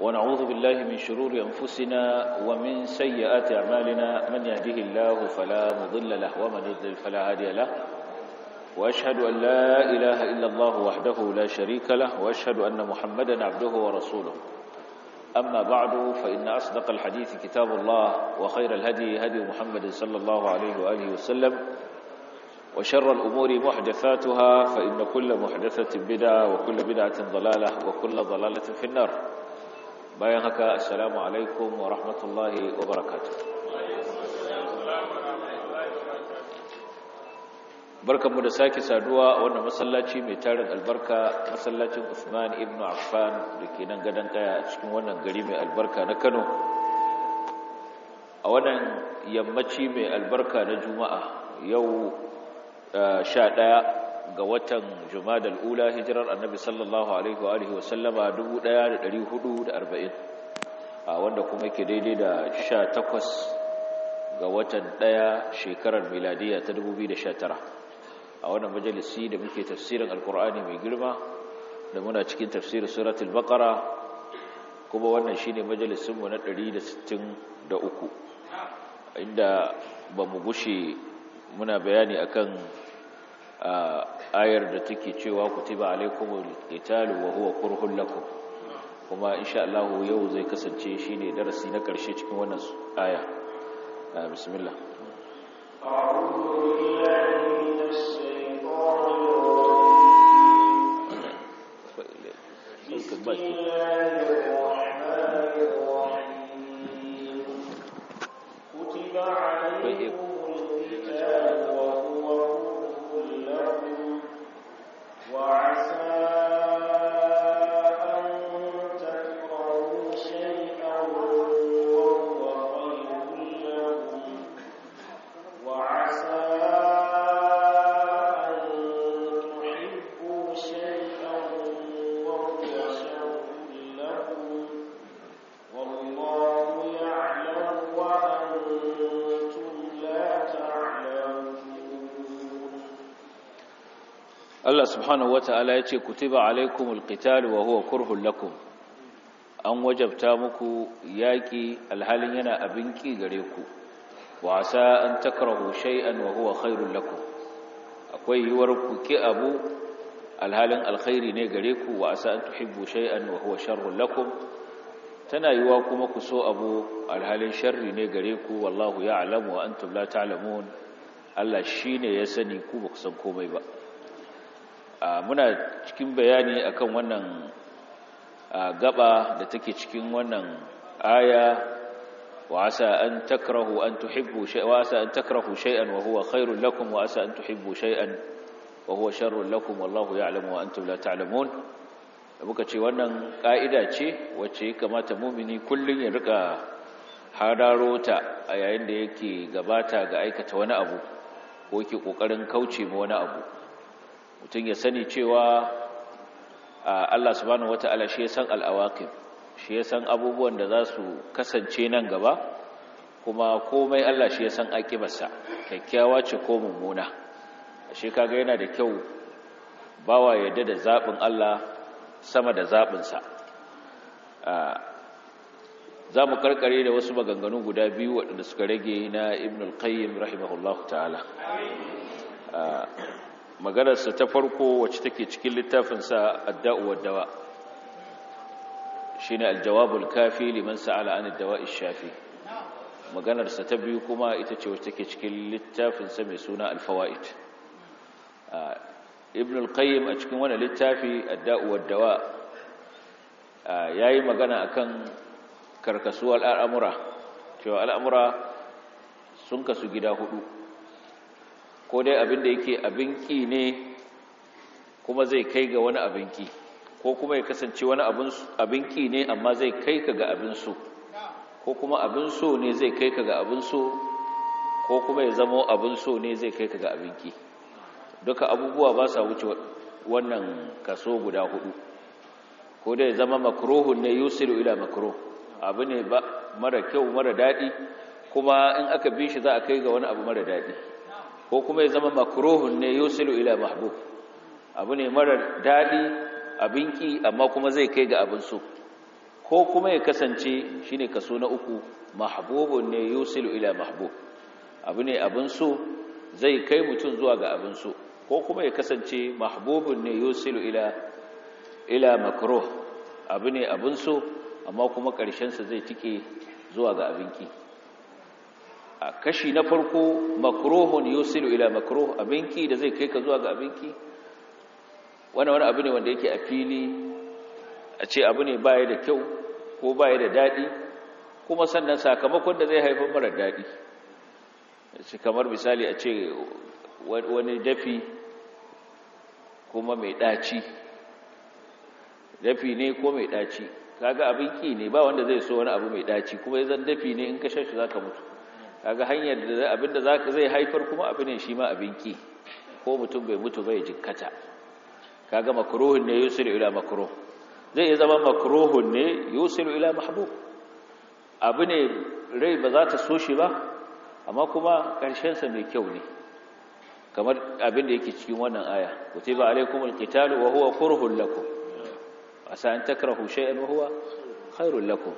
ونعوذ بالله من شرور أنفسنا ومن سيئات أعمالنا من يهده الله فلا مضل له ومن يضلل فلا هادي له وأشهد أن لا إله إلا الله وحده لا شريك له وأشهد أن محمدا عبده ورسوله أما بعد فإن أصدق الحديث كتاب الله وخير الهدي هدي محمد صلى الله عليه وآله وسلم وشر الأمور محدثاتها فإن كل محدثة بدعة وكل بدعة ضلالة وكل ضلالة في النار bayan haka assalamu alaikum wa rahmatullahi wa barakatuh barkanmu da sake saduwa a wannan masallaci mai tarin albarka masallacin Usman ibn Affan da ke nan gadon kaya a cikin wannan gari mai albarka na Kano a wannan yammaci mai albarka na Juma'a yau 11 eh, ga watan jumadal ula hijirar annabi sallallahu alaihi wa sallama 1440 a wanda kuma ke daidai da 18 ga watan ɗaya shekarar miladiya ta 2019 a wannan majalisi da muke tafsirin alkur'ani mai girma da muna cikin tafsirin suratul baqara kuma wannan shine mu na 163 inda bamu gushe muna bayani akan ayar da take cewa kutiba alaikumul qitalu wa huwa kurhun lakum kuma insha Allah yau zai kasance shine darasi na karshe cikin wannan aya bismillah Why so? Allah subhanahu wata'ala ya ce kutiba alaikumul qital wa huwa lakum an wajabta muku yaƙi alhalin yana abin gareku gare ku wasa an takrahu shay'an wa huwa lakum akwai yiwar ku ki abu alhalin alkhairi ne gare ku sa an tuhibbu shay'an wa huwa sharrul lakum tana yiwa kuma ku so abu alhalin sharri ne gare ku wallahu ya'lamu wa antum la ta'lamun Allah shine ya sani ku ba ku san komai ba muna cikin bayani a kan wannan gaba da take cikin wannan aya wasa an takrahu an tuhibbu shai wasa an takrahu shay'an wa huwa khairul lakum wa asa an tuhibbu shay'an wa huwa sharrul lakum wallahu ya'lamu wa an ta la Da muka ce wannan ka'ida ce wacce ya kamata mu'mini kullum ya rika hadaro ta a yayin da yake gabata ga aikata wani abu ko yake kokarin kauce ma wani abu mutum ya sani cewa Allah subhanahu wata'ala shi ya san al'awakin shi ya san abubuwan da za su kasance nan gaba kuma komai Allah shi ya san aƙibarsa kyakkyawa ce ko mummuna shi kaga yana da kyau bawa yadda da zaɓin Allah sama da zaɓinsa za mu karkare da wasu maganganu guda biyu waɗanda suka rage na ibn al-qayyim rahimahullahu ta'ala maganarsa ta farko wacce take cikin littafinsa dawa. Shi shine aljawabul kafi liman sa'ala an addawa'i shafi maganarsa ta biyu kuma ita ce wacce take cikin littafinsa mai suna alfawaid ibn al-qayyim a cikin wannan littafi dawa ya yayi magana a kan karkasuwar al'amura cewa al'amura sun kasu gida hudu ko dai abin da yake abin ki ne kuma zai kai ga wani abin ki ko kuma ya kasance wani abin ki ne amma zai kai ka ga abin so ko kuma abin so ne zai kai ka ga abin so ko kuma ya zamo abin so ne zai kai ka ga abin ki duka abubuwa ba sa wuce wannan kaso guda hudu ko dai ya zama makruhun ne yusiru ila makruh abu ne ba mara kyau mara daɗi kuma in aka bi shi za a kai ga wani abu mara daɗi ko kuma ya zama makruhun ne yusulu ila mahbub abu ne marar daɗi abin ki amma kuma zai kai ga abin so ko kuma ya kasance shine kaso na uku mahbubun ne yusulu ila mahbub abu ne abin so zai kai mutum zuwa ga abin so ko kuma ya kasance mahbubun ne yusulu ila ila makruh abu ne abin so amma kuma ƙarshensa zai tike zuwa ga abinki kashi na farko makrohun yusilu ila makroh abinki da zai kai ka zuwa ga abinki wannan wani abu ne wanda yake a fili a ce abu ne baya da kyau ko baya da daɗi kuma sannan sakamakon da zai haifar mara daɗi kamar misali a ce wani dafi kuma mai ɗaci dafi ne ko mai ɗaci kaga abin ki ne ba wanda zai so wani abu mai ɗaci kuma ya zan dafi ne in ka shashi za ka mutu kaga hanyar da abinda zaka zai haifar kuma abu ne shi ma abin ki ko mutum bai mutu bai jikkata kaga makruhun ne yusiru ila makruh zai iya zama makruhun ne yusiru ila mahbub abu ne rai ba za ta so shi ba amma kuma karshen sa mai kyau ne kamar abin da yake cikin wannan aya kutiba alaikumul qitalu wa huwa kurhun lakum asa an takrahu shay'an wa huwa khairul lakum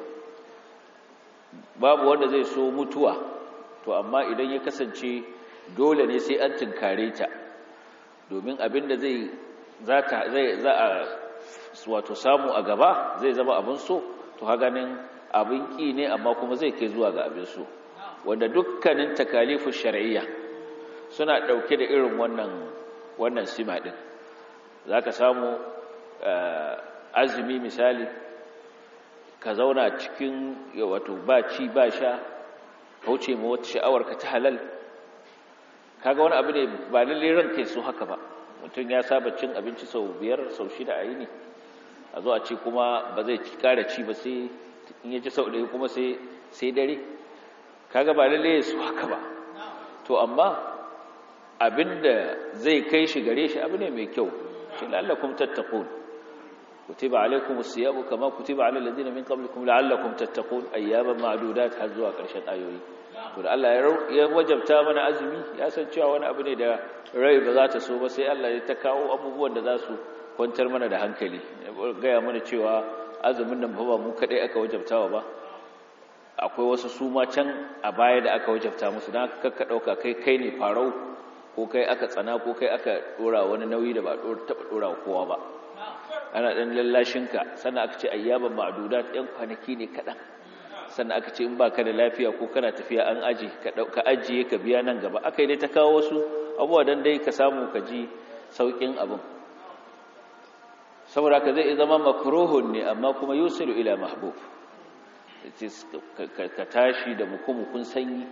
babu wanda zai so mutuwa to amma idan ya kasance dole ne sai an tinkare ta domin abin da zai za a wato samu a gaba zai zama abin so to haganin abin ƙi ne amma kuma zai kai zuwa ga abin so wanda dukkanin takalifu shari'yya suna ɗauke da irin wannan wannan sima ɗin zaka ka samu eh, azumi misali ka zauna cikin wato ba ci ba sha kauce ma wata sha'awarka ta halal kaga wani abu ne ba lalle kai so haka ba mutum ya saba cin abinci sau biyar sau shida a yi ne, a zo a ce kuma ba zai kara ci ba sai in ya ci sau ɗaya kuma sai sai dare kaga ba lalle so haka ba to amma abinda zai kai shi gare shi abu ne mai kyau shi lallakun tattakon. kutiba alaikum siyamu kama kutiba ala ladina min qablikum la'allakum tattaqun ayyaman ma'dudat har zuwa ƙarshen ayoyi to Allah ya wajabta mana azumi ya san cewa wani abu ne da rai ba za ta so ba sai Allah ya ta kawo abubuwan da za su kwantar mana da hankali gaya mana cewa azumin nan ba mu kadai aka wajabtawa ba akwai wasu su ma can a baya da aka wajabta musu don haka kakka ɗauka kai kai ne farau ko kai aka tsana ko kai aka ɗora wani nauyi da ba taɓa ɗora kowa ba ana ɗan lallashinka sannan aka ce ayyaban ma'aduda ɗan kwanaki ne kaɗan sannan aka ce in ba ka da lafiya ko kana tafiya an aji ka ajiye ka biya nan gaba aka yi dai ta kawo wasu abuwa don dai ka samu ka ji sauƙin abin saboda ka zai zama makruhun ne amma kuma yusilu ila mahbub ka tashi da mukumukun sanyi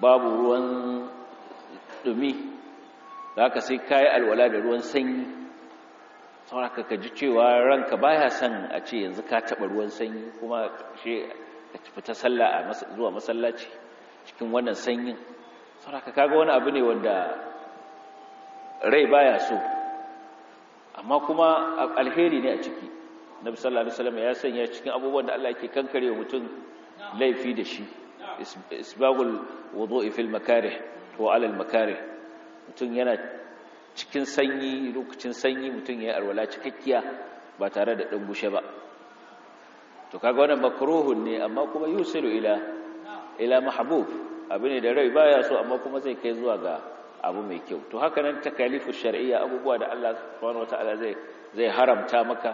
babu ruwan dumi za ka sai kayi alwala da ruwan sanyi sauraka ka ji cewa ranka baya son a ce yanzu ka taɓa ruwan sanyi kuma shi ka fita sallah zuwa masallaci cikin wannan sanyin sauraka kaga wani abu ne wanda rai baya so amma kuma alheri ne a ciki na sallallahu alaihi ya sanya cikin abubuwan da Allah ke kankare wa mutum laifi da shi isbagul wudu'i fil to wa alal makare mutum yana cikin sanyi lokacin sanyi mutum ya yi alwala cikakkiya ba tare da gushe ba to kaga wannan makruhun ne amma kuma yusilu ila ila mahbub abu da rai baya so amma kuma zai kai zuwa ga abu mai kyau to haka nan takalifu shar'iyya abubuwa da Allah subhanahu wataala zai zai haramta maka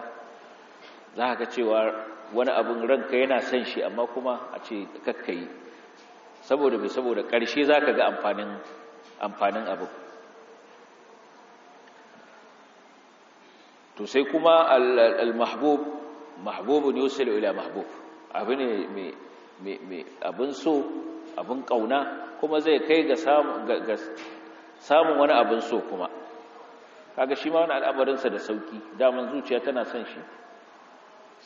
za cewa wani abin ranka yana son shi amma kuma a ce kakkayi saboda bi saboda ƙarshe za ga amfanin abu to sai kuma al-mahbub mahbubun yusilu ila mahbub me ne mai abin so abin kauna kuma zai kai ga samun wani abin so kuma kaga shi ma wani al'amarinsa da sauki daman zuciya tana son shi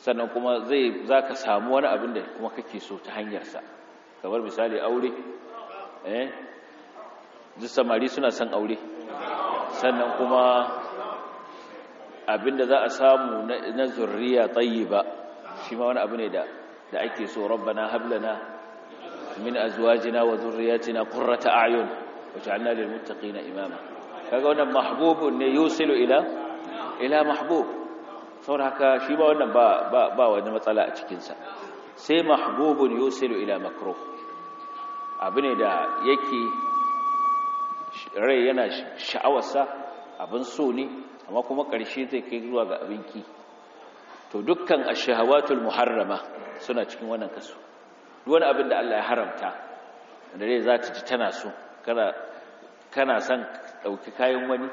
sannan kuma zai za ka samu wani abin da kuma kake so ta hanyarsa kamar misali aure eh duk samari suna son aure sannan kuma abinda za a samu na zurriya tayyiba shi ma wani abu ne da da ake so rabbana hablana min azwajina wa dhurriyyatina qurrata a'yun waj'alna lil muttaqina imama kaga wannan mahbubun ne yusilu ila ila mahbub saboda haka shi ba wannan ba ba wani matsala a cikin sa sai mahbubun yusilu ila makruh abu ne da yake rai yana sha'awarsa abin so ne amma kuma ƙarshe zai kai zuwa ga abinki to dukkan ashahawatul muharrama suna cikin wannan kasu, duk wani abin da Allah ya haramta da zai za ta ji tana so kana kana son dauki kayan wani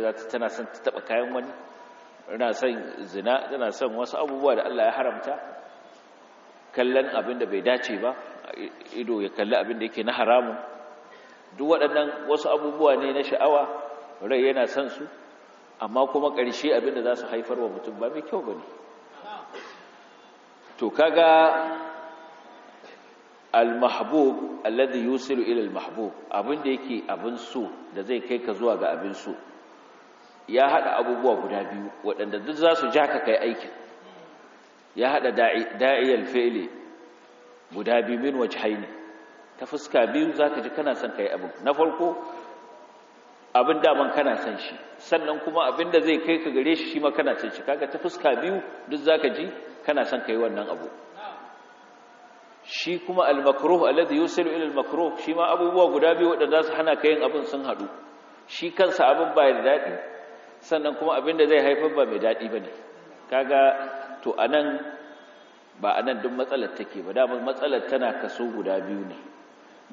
za ta tana son ta taba kayan wani ina son zina tana son wasu abubuwa da Allah ya haramta kallon abin da bai dace ba ido ya kalli abin da yake na haramun duk waɗannan wasu abubuwa ne na sha'awa rai yana son su amma kuma ƙarshe abinda za su haifar wa mutum ba mai kyau ba ne to kaga al-mahbub alladhi yusilu ila al-mahbub abinda yake abin so da zai kai ka zuwa ga abin so ya hada abubuwa guda biyu waɗanda duk za su ja ka kai aikin ya hada da'iyal fi'li guda biyu min wajhaini ta fuska biyu zaka ji kana son kai abu na farko abin daman kana san shi sannan kuma abin da zai kai ka gare shi shi ma kana san shi kaga ta fuska biyu duk zaka ji kana san kai wannan abu shi kuma al-makruh alladhi yusilu ila al-makruh shi ma abubuwa guda biyu wadanda su hana ka yin abin sun hadu shi kansa abin ba da dadi sannan kuma abin da zai haifar ba mai dadi bane kaga to anan ba anan duk matsalar take ba da matsalar tana kaso guda biyu ne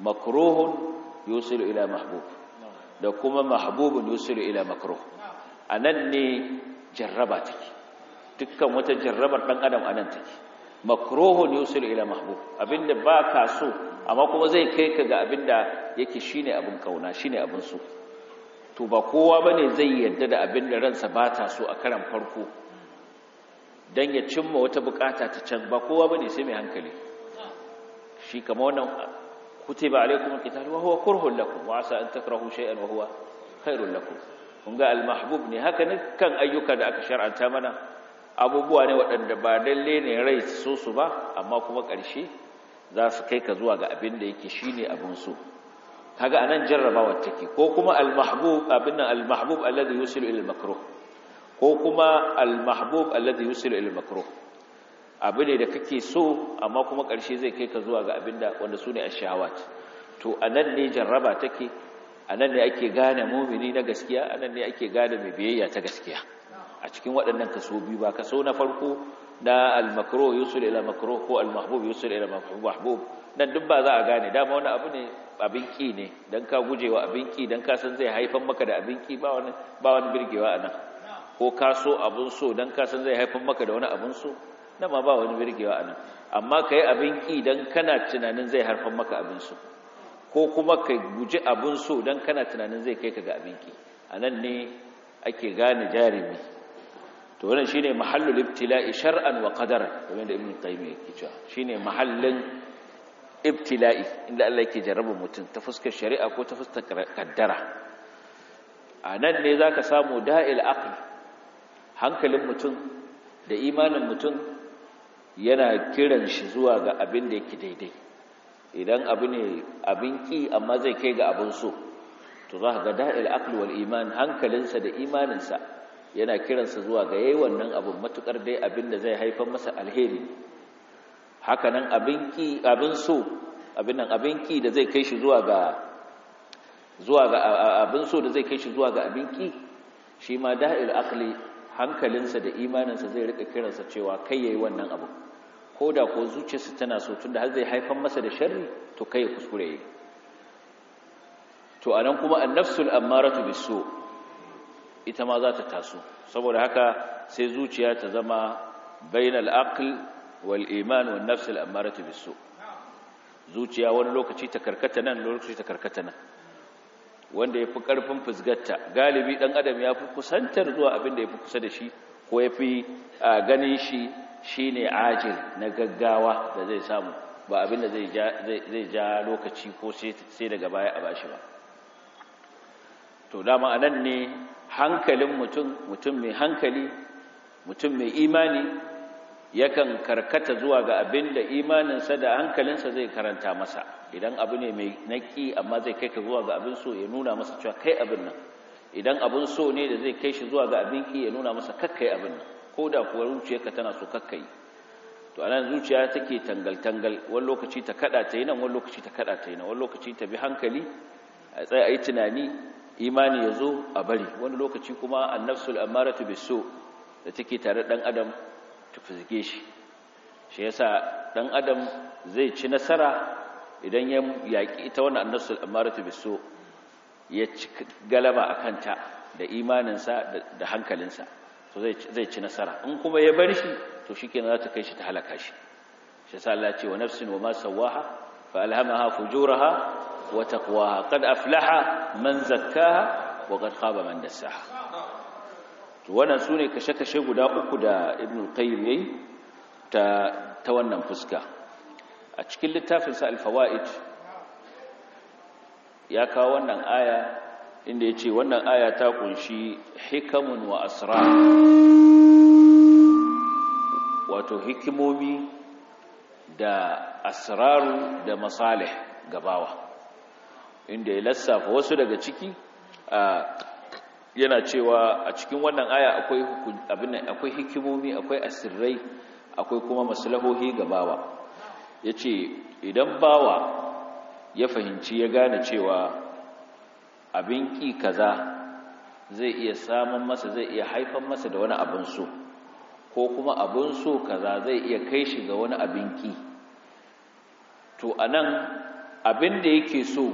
makruhun yusilu ila mahbub da kuma Mahabubu yusiru ila makruh anan ne jarraba take dukkan wata jarrabar dan adam anan take makruhun yusiru ila Mahabubu, abinda ba ka so amma kuma zai kai ka ga abinda yake shine abin kauna shine abin so to ba kowa bane zai yarda da abinda ransa ba ta so a karan farko dan ya cimma wata bukata ta can ba kowa bane sai mai hankali shi kamar wannan kutiba alaikum alqital wa huwa kurhun lakum wa asa an takrahu shay'an wa huwa khairun lakum kun ga almahbub ne haka ne kan ayyuka da aka shar'anta mana abubuwa ne waɗanda ba lalle ne rai so su ba amma kuma ƙarshe za su kai ka zuwa ga abin da yake shine abin so kaga anan jarrabawar take ko kuma almahbub abin nan almahbub alladhi yusilu ila ko kuma almahbub alladhi yusilu ila almakruh abu ne da kake so amma kuma ƙarshe zai kai ka zuwa ga abinda wanda su ne shawat to a nan ne jarraba take a nan ne ake gane mummini na gaskiya a nan ne ake gane mai biyayya ta gaskiya a cikin waɗannan kaso biyu ba kaso na farko na almakro makruh yusul ila makruh ko almahbub mahbub yusul ila mahbub dan duk ba za a gane dama wani abu ne abin ki ne dan ka guje wa abin ki dan ka san zai haifar maka da abin ki ba wani ba wani birgewa ko ka so abun so dan ka san zai haifar maka da wani abun so ma ba wani birgewa a nan amma ka yi abin ƙi don kana tunanin zai harfan maka abin so ko kuma ka guji abin so dan kana tunanin zai kai ka ga abin ƙi a nan ne ake gane jarumi to wannan shine mahallul ibtila'i shar'an wa qadara kamar da ibnu qayyim yake cewa shine mahallin ibtila'i inda Allah yake jarraba mutum ta fuskar shari'a ko ta fuskar kaddara a nan ne zaka samu da'il aql hankalin mutum da imanin mutum yana kiran shi zuwa ga abin da yake daidai idan abu ne abin ki amma zai kai ga abin so to za ga da'il aql wal iman hankalinsa da imaninsa yana kiransa zuwa ga yayi wannan abin matukar dai abin da zai haifar masa alheri haka nan abin ki abin so abin nan abin ki da zai kai shi zuwa ga zuwa ga abin so da zai kai shi zuwa ga abin ki shi ma da'il aqli hankalinsa da imaninsa zai rika kiransa cewa kai yayi wannan abin ko da ko zuciyarsa tana so tun da har zai haifar masa da sharri to kai kuskure yi to anan kuma annafsul ammaratu bisu ita ma za ta taso saboda haka sai zuciya ta zama bainal aql wal iman wal nafsul ammaratu bisu zuciya wani lokaci ta karkata nan lokaci ta karkata nan wanda ya fi ƙarfin fusgarta galibi ɗan adam ya fi kusantar zuwa abin da ya fi kusa da shi ko ya fi ganin shi Shi ne ajil na gaggawa da zai samu ba abin da zai ja lokaci ko sai daga baya a bashi ba to dama anan ne hankalin mutum mutum mai hankali mutum mai imani yakan karkata zuwa ga abin da imaninsa da hankalinsa zai karanta masa idan abu ne mai naki amma zai kai ka zuwa ga abin so ya nuna masa cewa kai abin nan idan abin so ne da zai kai shi zuwa ga abin ki ya nuna masa kakkai abin nan ko da kuwa zuciyarka tana so kakkai to anan zuciya take tangal-tangal wani lokaci ta kada ta yi nan wani lokaci ta kada ta yi nan wani lokaci ta bi hankali a tsaye a yi tunani imani ya zo a bari wani lokaci kuma annafsul amaratu biso da take tare dan adam ta fizike shi shi yasa dan adam zai ci nasara idan ya yaƙi ita wannan annafsul amaratu biso ya ci galaba a kanta da imaninsa da hankalinsa to zai ci nasara in kuma ya bar shi to kenan za ta kai shi ta halaka shi shi yasa Allah ce wa nafsin wa ma sawaha fa alhamaha fujuraha wa taqwaha qad aflaha man zakkaha wa qad khaba man dassaha to wannan sune kashe-kashe guda uku da Ibn Qayyim yayi ta ta wannan fuska a cikin littafin sa al-fawaid ya kawo wannan aya inda ya ce wannan aya ta kunshi hikamun wa asira wato hikimomi da asraru da masalih gabawa inda ya lissafa wasu daga ciki yana cewa a cikin wannan aya akwai akwai hikimomi akwai asirrai akwai kuma maslahohi gabawa yace idan bawa ya fahimci ya gane cewa abin ki kaza zai iya samun masa zai iya haifan masa da wani abin so ko kuma abin so kaza zai iya kai shi ga wani abin ki to anan abin da yake so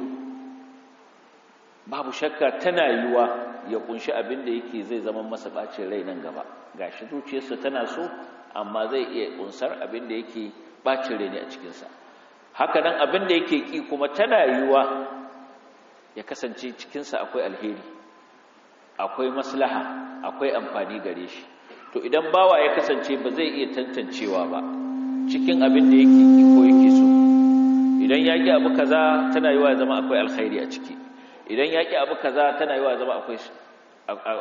babu shakka tana yiwa ya kunshi abin da yake zai zama masa bacin rai nan gaba gashi zuciyarsa tana so amma zai iya kunsar abin da yake bacin rai ne a cikinsa haka nan abin da yake ki kuma tana yiwa ya kasance cikinsa akwai alheri akwai maslaha akwai amfani gare shi to idan bawa ya kasance ba zai iya tantancewa ba cikin abin da yake ko yake so idan ya abu kaza tana yi wa zama akwai alkhairi a ciki idan ya abu kaza tana yi wa zama akwai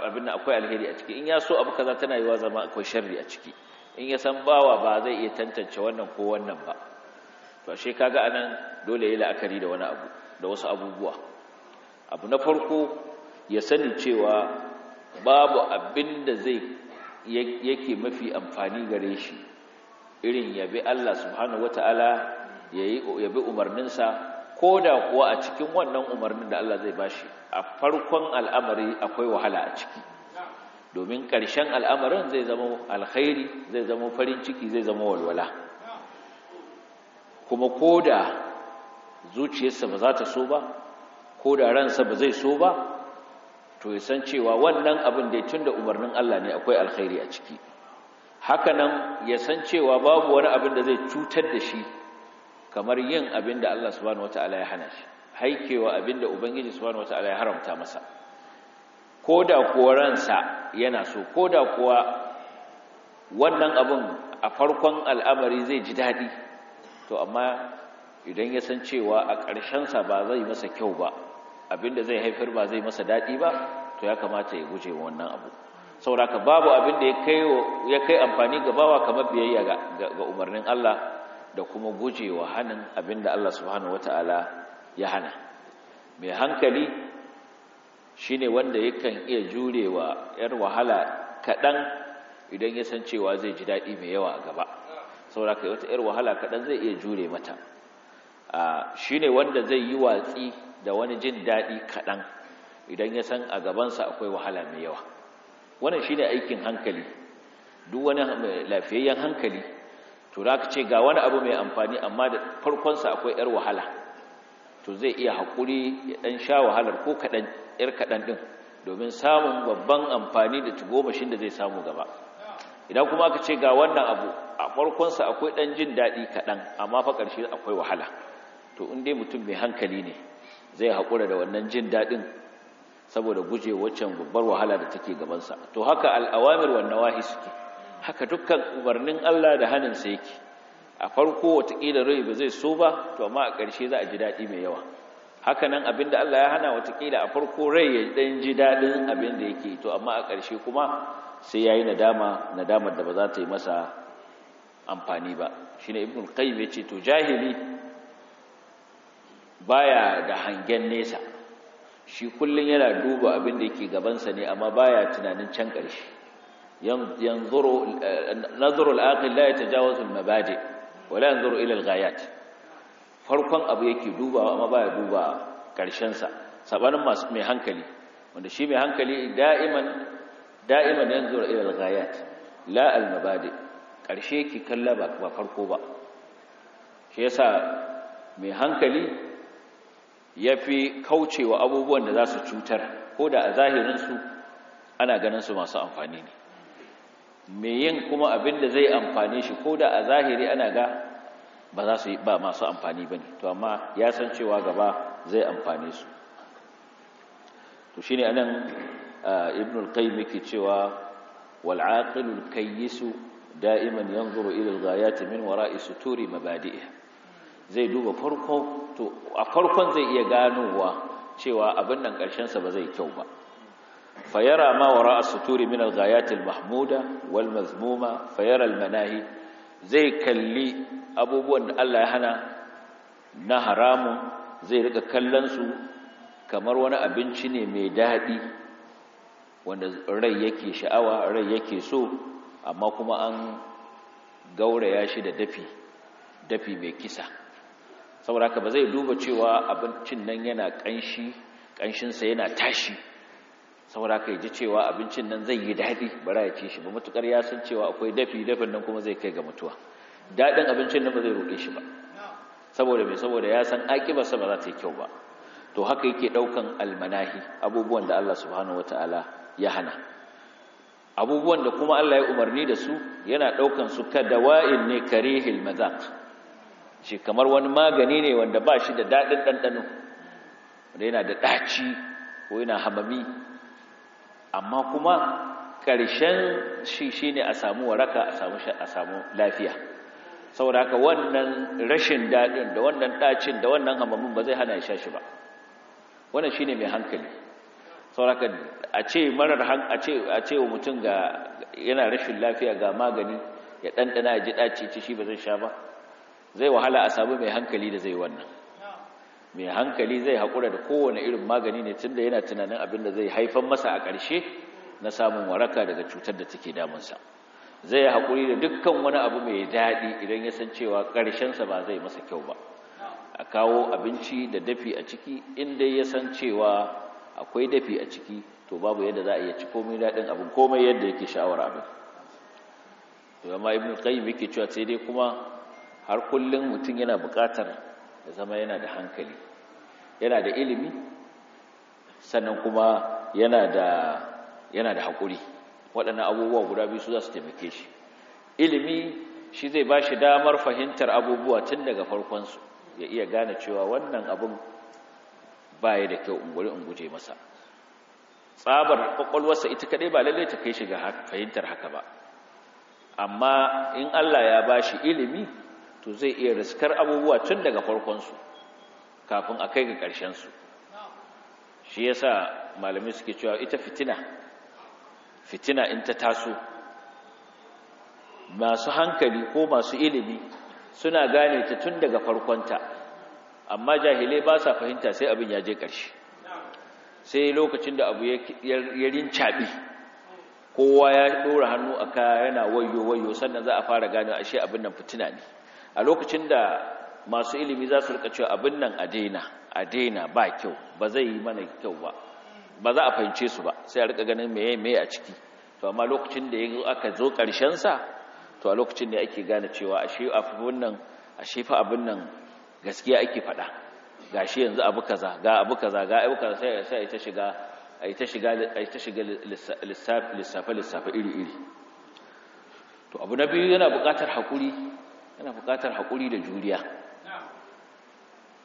abin da akwai alheri a ciki in ya so abu kaza tana yi wa zama akwai sharri a ciki in ya san bawa ba zai iya tantance wannan ko wannan ba to ashe kaga anan dole yayi la'akari da wani abu da wasu abubuwa abu na farko ya sani cewa babu abin da zai yake mafi amfani gare shi irin yabi Allah subhanahu wataala yabi umarninsa ko da kuwa a cikin wannan umarnin da Allah zai bashi a farkon al'amari akwai wahala a ciki domin ƙarshen al'amarin zai zama alkhairi zai zama farin ciki zai zama walwala kuma ko da zuciyarsa ba za ta so ba ko da ransa ba zai so ba to ya san cewa wannan abin da tun da umarnin Allah ne akwai alkhairi a ciki haka nan ya san cewa babu wani abin da zai cutar da shi kamar yin abin da Allah subhanahu wataala ya hana shi haikewa abin da ubangiji subhanahu wataala ya haramta masa ko kuwa ransa yana so koda da kuwa wannan abin a farkon al'amari zai ji daɗi to amma idan ya san cewa a ƙarshensa ba zai masa kyau ba abinda zai haifar ba zai masa daɗi ba to ya kamata ya guje wannan abu sauraka babu abin da ya kai amfani ga bawa kamar biyayya ga umarnin Allah da kuma gujewa wa abin da Allah subhanahu wata'ala ya hana mai hankali shi ne wanda yakan iya jurewa yar wahala kaɗan idan ya san cewa zai ji daɗi mai yawa a gaba sauraka wata yar wahala kaɗan zai iya jure mata ah, Shi ne wanda zai yi watsi da wani jin daɗi kaɗan idan ya san a gabansa akwai wahala mai yawa wannan shi ne aikin hankali duk wani lafiyayyen hankali to za ka ce ga wani abu mai amfani amma da farkonsa akwai 'yar wahala to zai iya haƙuri ya ɗan sha wahalar ko kaɗan 'yar kaɗan ɗin domin samun babban amfani da tugomashin da zai samu gaba idan kuma aka ce ga wannan abu a farkonsa akwai ɗan jin daɗi kaɗan amma fa ƙarshe akwai wahala to in dai mutum mai hankali ne zai haƙura da wannan jin daɗin saboda guje waccan babbar wahala da take gabansa to haka al'awamir wa nawahi suke haka dukkan umarnin Allah da hannunsa yake a farko watakila rai ba zai so ba to amma a ƙarshe za a ji daɗi mai yawa haka nan abinda Allah ya hana watakila a farko rai ya ɗan ji daɗin abinda yake to amma a ƙarshe kuma sai ya yi nadama nadamar da ba za ta yi masa amfani ba shi ne ibn qayyim ya ce to jahili baya da hangen nesa shi kullum yana duba abin da yake gabansa ne amma baya tunanin can ƙarshe yanzuru eh, nazaru al-aqil la yatajawazu al-mabadi wa la yanzuru ila al-ghayat farkon abu yake dubawa amma baya duba ƙarshen sa sabanin masu mai hankali wanda shi mai hankali da'iman da'iman yanzuru ila al-ghayat la al-mabadi ƙarshe yake kalla ba farko ba shi yasa mai hankali ya fi kaucewa abubuwan da za su cutar ko da a zahirinsu ana ganin su masu amfani ne me yin kuma abin da zai amfani shi ko da a zahiri ana ga ba za su yi ba masu amfani ba ne to amma ya san cewa gaba zai amfani su to shi ne a nan al qayyim muke cewa wal'aƙilul kayyisu da'iman yanzuru ilil gayati min wara'i turi mabadi'a zai duba farko to a farkon zai iya ganowa cewa abin nan sa ba zai kyau ba fayara ma wara as-suturi min alghayatil mahmuda wal mazmuma fayara al-manahi zai kalli abubuwan da Allah ya hana na haramun zai rika kallon su kamar wani abinci ne mai daɗi wanda rai yake sha'awa rai yake so amma kuma an gauraya shi da dafi dafi mai kisa saboda haka ba zai duba cewa abincin nan yana ƙanshi ƙanshinsa yana tashi saboda haka ya ji cewa abincin nan zai yi daɗi bara ya ci shi ba matuƙar ya san cewa akwai dafi dafin nan kuma zai kai ga mutuwa daɗin abincin nan ba zai roƙe shi ba saboda mai saboda ya san aƙibarsa ba za ta yi kyau ba to haka yake ɗaukan almanahi abubuwan da Allah subhanahu wataala ya hana abubuwan da kuma Allah ya umarni da su yana ɗaukan su ka dawa'in ne karihil mazaq ce kamar wani magani ne wanda ba shi da daɗin ɗanɗano wanda yana da ɗaci ko yana hamami amma kuma ƙarshen shi shi ne a samu waraka a samu lafiya saboda haka wannan rashin daɗin da wannan ɗacin da wannan hamamin ba zai hana ya sha shi ba wannan shi ne mai hankali sauraka a ce marar a ce wa mutum ga yana rashin lafiya ga magani ya ɗanɗana ya ji ɗaci ci shi ba zai sha ba zai wahala a samu mai hankali da zai wannan mai hankali zai haƙura da kowane irin magani ne tunda yana tunanin abin da zai haifan masa a ƙarshe na samun waraka daga cutar da take damunsa zai yi haƙuri da dukkan wani abu mai daɗi idan ya san cewa ƙarshensa ba zai masa kyau ba a kawo abinci da dafi a ciki inda ya san cewa akwai dafi a ciki to babu yadda za a iya ci komai daɗin abin komai yadda yake sha'awar abin to ibn qayyim yake cewa sai dai kuma har kullum mutum yana bukatar da zama yana da hankali yana da ilimi sannan kuma yana da yana da haƙuri waɗannan abubuwa guda biyu su za su taimake shi ilimi shi zai ba shi damar fahimtar abubuwa tun daga farkonsu ya iya gane cewa wannan abin ba ya da kyau unguri in guje masa tsabar kwakwalwarsa ita kaɗai ba lallai ta kai shi ga fahimtar haka ba amma in Allah ya ba shi ilimi to zai iya riskar abubuwa tun daga farkonsu kafin a kai ga ƙarshensu shi yasa malamai suke cewa ita fitina fitina in ta taso masu hankali ko masu ilimi suna gane ta tun daga farkonta amma jahilai ba sa fahimta sai abin ya je ƙarshe sai lokacin da abu ya rincaɓi kowa ya ɗora hannu a kaya yana wayo wayo sannan za a fara gane ashe abin nan fitina ne a lokacin da masu ilimi za su rika cewa abin nan a daina a daina ba kyau ba zai yi mana kyau ba ba za a fahimce su ba sai a rika ganin meye meye a ciki to amma lokacin da aka zo ƙarshen sa to a lokacin da ake gane cewa ashe abin nan a shefa abin nan gaskiya ake faɗa gashi yanzu abu kaza ga abu kaza ga abu kaza sai sai ta shiga a ta shiga ta shiga lissafe lissafe iri iri to abu na biyu yana buƙatar hakuri yana bukatar haƙuri da juriya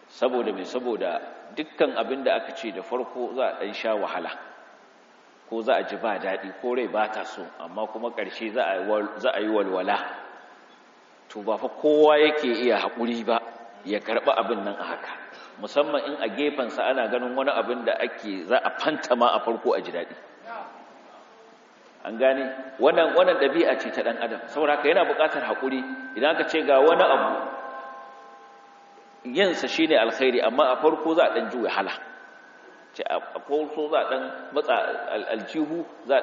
saboda mai saboda dukkan abin da aka ce da farko za a ɗan sha wahala ko za a ji ba daɗi ko rai ba ta so amma kuma ƙarshe za a yi walwala to ba fa kowa yake iya haƙuri ba ya karɓi abin nan a haka musamman in a gefensa ana ganin wani abin da ake za a fanta ma a farko a ji daɗi an gane wannan wannan ɗabi'a ce ta ɗan adam saboda yana buƙatar haƙuri idan aka ce ga wani abu yinsa shi ne alkhairi amma a farko za a ɗan ji wahala ce a farko za a ɗan matsa aljihu za a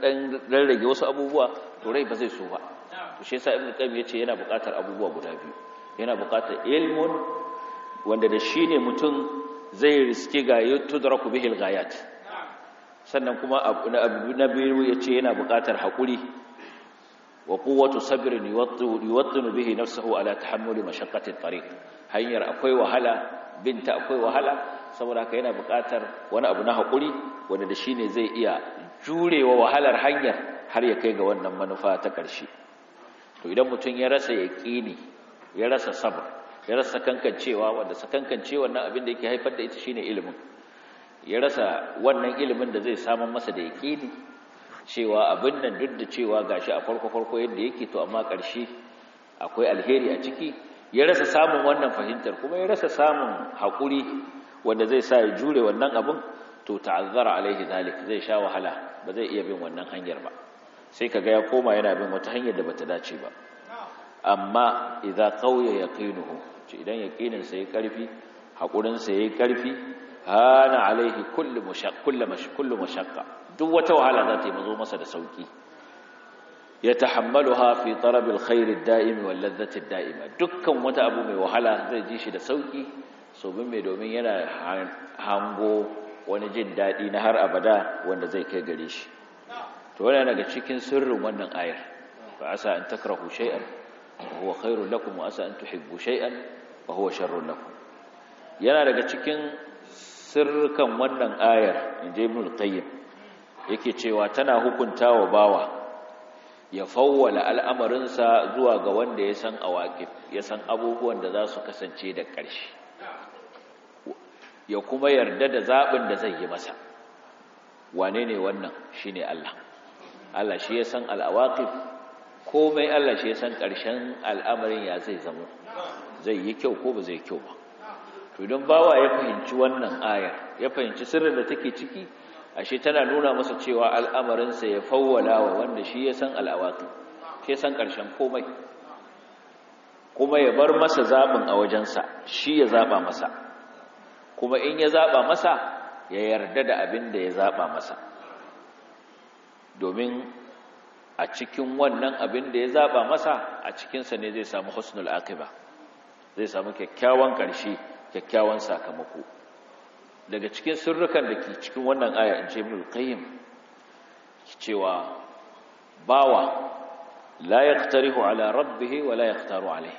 ɗan rarrage wasu abubuwa to rai ba zai so ba to shi yasa ibnu qayyim yace yana buƙatar abubuwa guda biyu yana buƙatar ilmun wanda da shi ne mutum zai riske ga yutudraku bihil ghayat sannan kuma abu na biyu ya ce yana buƙatar haƙuri wa kowato sabirin yuwattunu bihi nafsahu ala hannuli mashaqqati tare. hanyar akwai wahala binta akwai wahala saboda ka yana buƙatar wani abu na haƙuri wanda da shi ne zai iya jurewa wahalar hanyar har ya kai ga wannan manufa ta ƙarshe to idan mutum ya rasa yaqini ya rasa sabr ya rasa kankancewa wanda sakankancewa na abin da yake haifar da ita shine ilimin ya rasa wannan ilimin da zai samun masa da yaƙini cewa abin nan duk da cewa gashi a farko-farko yadda yake to amma ƙarshe akwai alheri a ciki ya rasa samun wannan fahimtar kuma ya rasa samun haƙuri wanda zai sa ya jure wannan abin to ta'azzara alaihi zalik zai sha wahala ba zai iya bin wannan hanyar ba sai kaga ya koma yana bin wata hanyar da bata dace ba amma idza qawya yaqinuhu to idan yaqinin sai karfi haƙurin sai yayi karfi hana alaihi kullu mashaqqa duk wata wahala za ta yi mazo masa da sauki ya tahammalu hafi talabil alkhair ad-da'im wal ladhati daima dukkan wata abu mai wahala zai ji shi da sauki so mai domin yana hango wani jin daɗi na har abada wanda zai kai gare shi to wannan daga cikin sirrin wannan ayar fa asa an takrahu shay'an huwa khairul lakum wa asa an tuhibbu shay'an wa huwa sharrun lakum yana daga cikin sirrukan wannan ayar inje ibn qayyim yake cewa tana hukunta wa bawa ya fawwala sa zuwa ga wanda ya san awaqif ya san abubuwan da za su kasance da ƙarshe ya kuma yarda da zaɓin da zai yi masa wane ne wannan shi Allah Allah shi ya san al'awaƙif komai Allah shi ya san ƙarshen al'amarin ya zai zama? zai yi kyau ko ba zai kyau ba to don bawa ya fahimci wannan ayar ya fahimci sirrin da take ciki ashe tana nuna masa cewa al'amarinsa ya fawwala wa wanda shi ya san al'awatu shi san ƙarshen komai kuma ya bar masa zaɓin a wajen sa shi ya zaɓa masa kuma in ya zaɓa masa ya yarda da abin da ya zaɓa masa domin a cikin wannan abin da ya zaɓa masa a cikinsa ne zai samu husnul aqiba zai samu kyakkyawan ƙarshe kyakkyawan sakamako daga cikin sirrukan da ke cikin wannan aya in ce ibn qayyim cewa bawa la yaqtarihu ala rabbih wa la yaqtaru alayh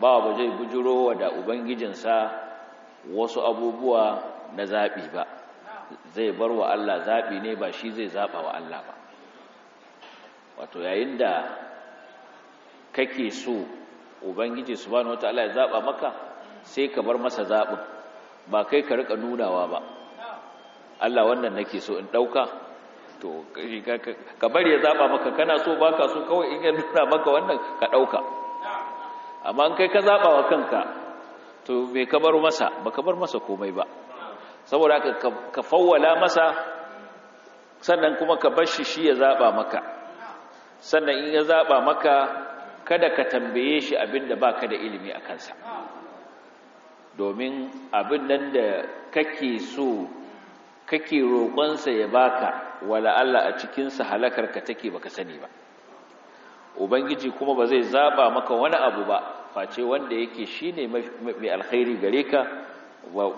bawa ba zai bujuro da ubangijinsa wasu abubuwa na zabi ba zai bar wa Allah zabi ne ba shi zai zaba wa Allah ba wato yayin da kake so ubangiji subhanahu wataala ya zaba maka sai ka bar masa zaɓin ba kai ka rika nunawa ba Allah wannan nake so in ɗauka to ka bari ya zaɓa maka kana so ba ka so kawai in ya nuna maka wannan ka ɗauka amma in kai ka zaɓa wa kanka to mai ka bar masa ba ka bar masa komai ba saboda ka fawwala masa sannan kuma ka bar shi shi ya zaɓa maka sannan in ya zaɓa maka kada ka tambaye shi abin da ba ka da ilimi a kansa domin abin nan da kake so kake roƙonsa ya baka wala Allah a cikinsa halakarka take baka sani ba ubangiji kuma ba zai zaɓa maka wani abu ba face wanda yake shine mai alkhairi gare ka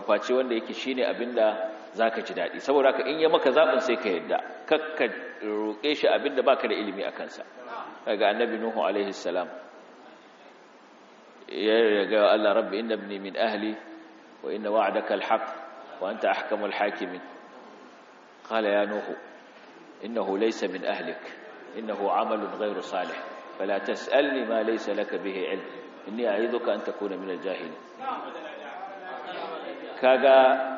face wanda yake shine abinda zaka ji dadi saboda haka in ya maka zabin sai ka yadda kakka roƙe shi abinda baka da ilimi a kansa. daga annabi nuhu alaihi salam يا الله رب إن ابني من أهلي وإن وعدك الحق وأنت أحكم الحاكمين قال يا نوح إنه ليس من أهلك إنه عمل غير صالح فلا تسألني ما ليس لك به علم إني أعيذك أن تكون من الجاهلين كذا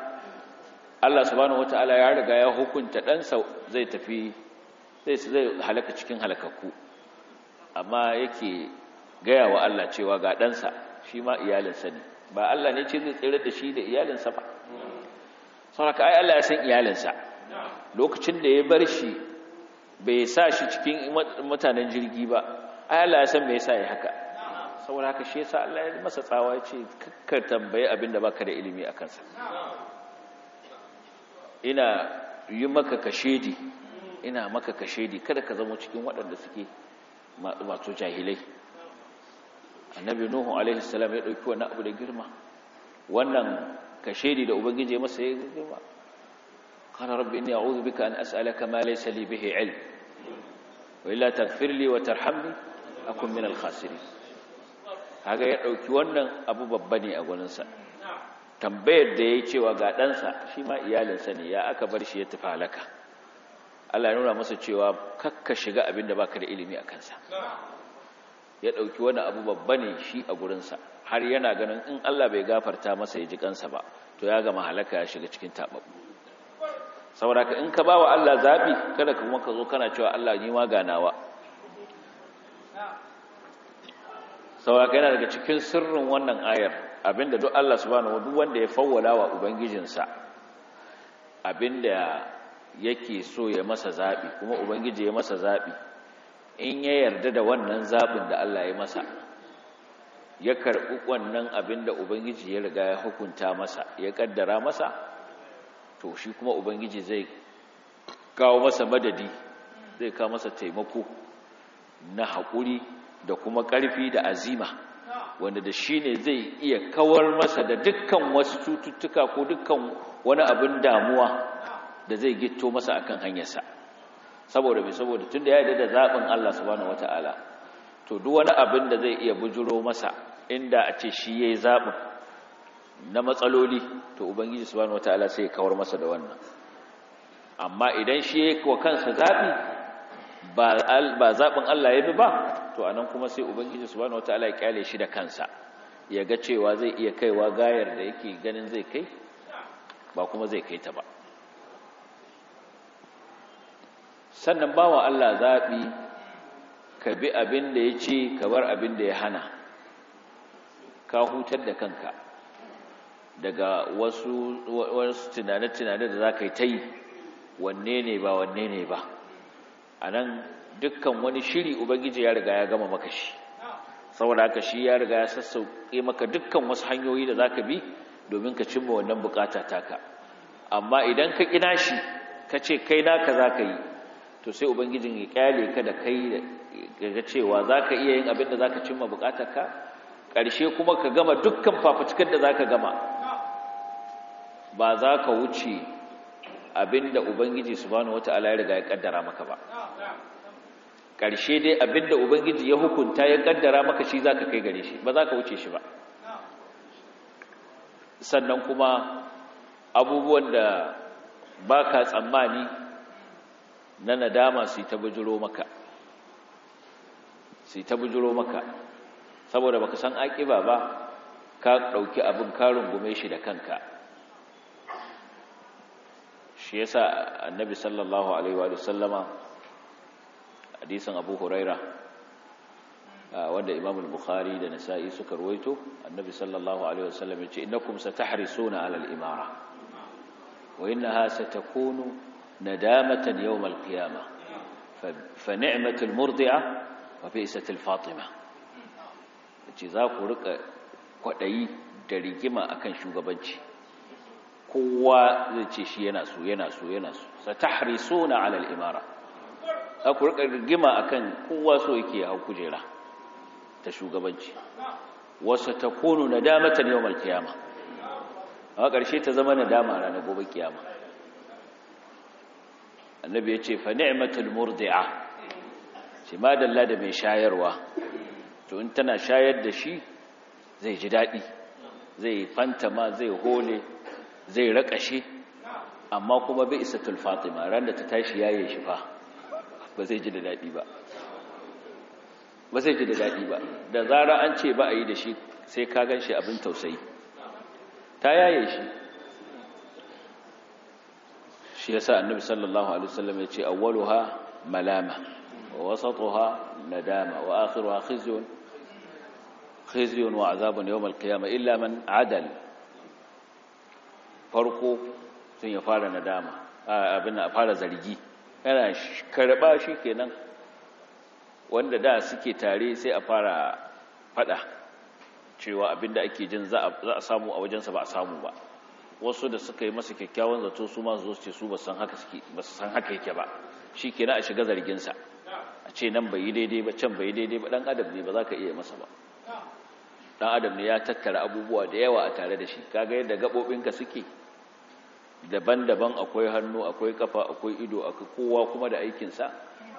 الله سبحانه وتعالى يعلق يا ya hukunta ɗansa zai tafi zai زي halaka cikin halakaku أما yake gaya wa Allah cewa ga ɗansa shi ma iyalinsa ne ba Allah ne ce zai tsirar da shi da iyalinsa ba sauraka ai Allah ya san iyalinsa lokacin da ya bar shi bai sa shi cikin mutanen jirgi ba ai Allah ya san me yasa ya haka sauraka shi yasa Allah ya masa tsawa ce kakkar tambaye abinda baka da ilimi a kansa ina yi maka kashedi ina maka kashedi kada ka zama cikin waɗanda suke masu jahilai annabi nuhu alaihi salam ya dauki wannan abu da girma wannan kashedi da ubangije masa ya girma qala rabbi inni a'udhu bika an as'alaka ma laysa li bihi ilm wa illa taghfir li wa tarhamni akun min al-khasirin Haga ya dauki wannan abu babba ne a gurin sa tambayar da yayi cewa ga shima shi ma iyalinsa ne ya aka bar shi ya tafi halaka Allah ya nuna masa cewa kakka shiga abinda baka da ilimi a kansa ya ɗauki wani abu babba ne shi a gurinsa har yana ganin in Allah bai gafarta masa ya ji kansa ba to ya gama halaka ya shiga cikin taɓaɓɓu saboda ka in ka ba wa Allah zaɓi kada kuma ka zo kana cewa Allah ni ma ganawa saboda ka yana daga cikin sirrin wannan ayar abinda duk Allah subhanahu duk wanda ya fawwala wa ubangijinsa abinda yake so ya masa zaɓi kuma ubangiji ya masa zaɓi in ya yarda da wannan zaɓin da Allah ya masa ya karɓi wannan abin da ubangiji ya riga ya hukunta masa ya ƙaddara masa to shi kuma ubangiji zai kawo masa madadi zai kawo masa taimako na haƙuri da kuma ƙarfi da azima wanda da shi ne zai iya kawar masa da dukkan wasu cututtuka ko dukkan wani abin damuwa da zai gito masa akan hanyarsa saboda mai saboda tun da ya yi da zaɓin Allah subhanahu wata'ala to duk wani abin da zai iya bujuro masa inda a ce shi ya yi zaɓin na matsaloli to ubangiji subhanahu wata'ala sai ya kawar masa da wannan amma idan shi yi wa kansa zaɓi ba zaɓin Allah ya bi ba to anan kuma sai ubangiji subhanahu wata'ala ya kyale shi da kansa ya ga cewa zai iya kaiwa gayar da yake ganin zai kai ba kuma zai kai ta ba sannan bawa Allah zaɓi ka bi abin da ya ce ka bar abin da ya hana ka hutar da kanka daga wasu tunane-tunane da za ka yi ta yi wanne ne ba wanne ne ba a nan dukkan wani shiri ubangiji ya riga ya gama maka shi saboda haka shi ya riga ya sassauke maka dukkan wasu hanyoyi da za ka bi domin ka cimma wannan bukata taka amma idan ka ƙina shi ka ce kai na ka za ka yi to sai ubangijin ya kyale ka da kai ga cewa zaka iya yin abin da zaka cimma ka? ƙarshe kuma ka gama dukkan fafutukar da zaka gama ba za ka wuce abin da ubangiji subhanahu wataala ya riga ya kaddara maka ba ƙarshe dai abin da ubangiji ya hukunta ya ƙaddara maka shi zaka kai gare shi ba za ka wuce shi ba sannan kuma abubuwan da ba ka tsammani na nadama su ta bujiro maka su ta bujuro maka saboda baka san aƙiba ba ka ɗauki abin ka rungume shi da kanka shi yasa annabi sallallahu alaihi wa sallama hadisin abu huraira wanda imam al-bukhari da nisa'i suka ruwaito annabi sallallahu alaihi wa sallam yace innakum satahrisuna ala al-imara wa innaha satakunu ندامة يوم القيامة فنعمة المرضعة وبئسة الفاطمة ce za ku rika kwaɗayi da rigima akan shugabanci kowa zai ce shi yana so yana so yana so satahrisuna ala al-imara za ku rika rigima akan kowa so yake hau kujera ta shugabanci wasu ta nadamatan a ƙarshe ta zama nadama ranar gobe kiyama annabi ya ce fa ni'matul murdi'a shi ma dalla da mai shayarwa to in tana shayar da shi zai ji daɗi zai fantama zai hole zai raƙashe amma kuma bai isa fatima ran da ta tashi yaye shi fa ba zai ji da ba ba zai ji da daɗi ba da zara an ce ba a yi da shi sai ka ganshi abin tausayi ta yaye shi shi ya sa annabi sallallahu alaihi wasallam ya ce awwaluha malama wa wasatuha nadama wa akhiruha khizyun khizyun wa azabun yawm al-qiyamah illa man adal farko sun ya fara nadama abin a fara zargi yana karba shi kenan wanda da suke tare sai a fara fada cewa abinda ake jin za a samu a wajensa ba a samu ba wasu da suka yi masa kyakkyawan zato su ma zo su ba su ba san haka suke ba yake ba shi kenan a shiga zargin sa a ce nan bai yi daidai ba can bai yi daidai ba dan adam ne ba za ka iya masa ba dan adam ne ya tattara abubuwa da yawa a tare da shi kaga yadda gabobinka suke daban-daban akwai hannu akwai kafa akwai ido akwai kowa kuma da aikinsa.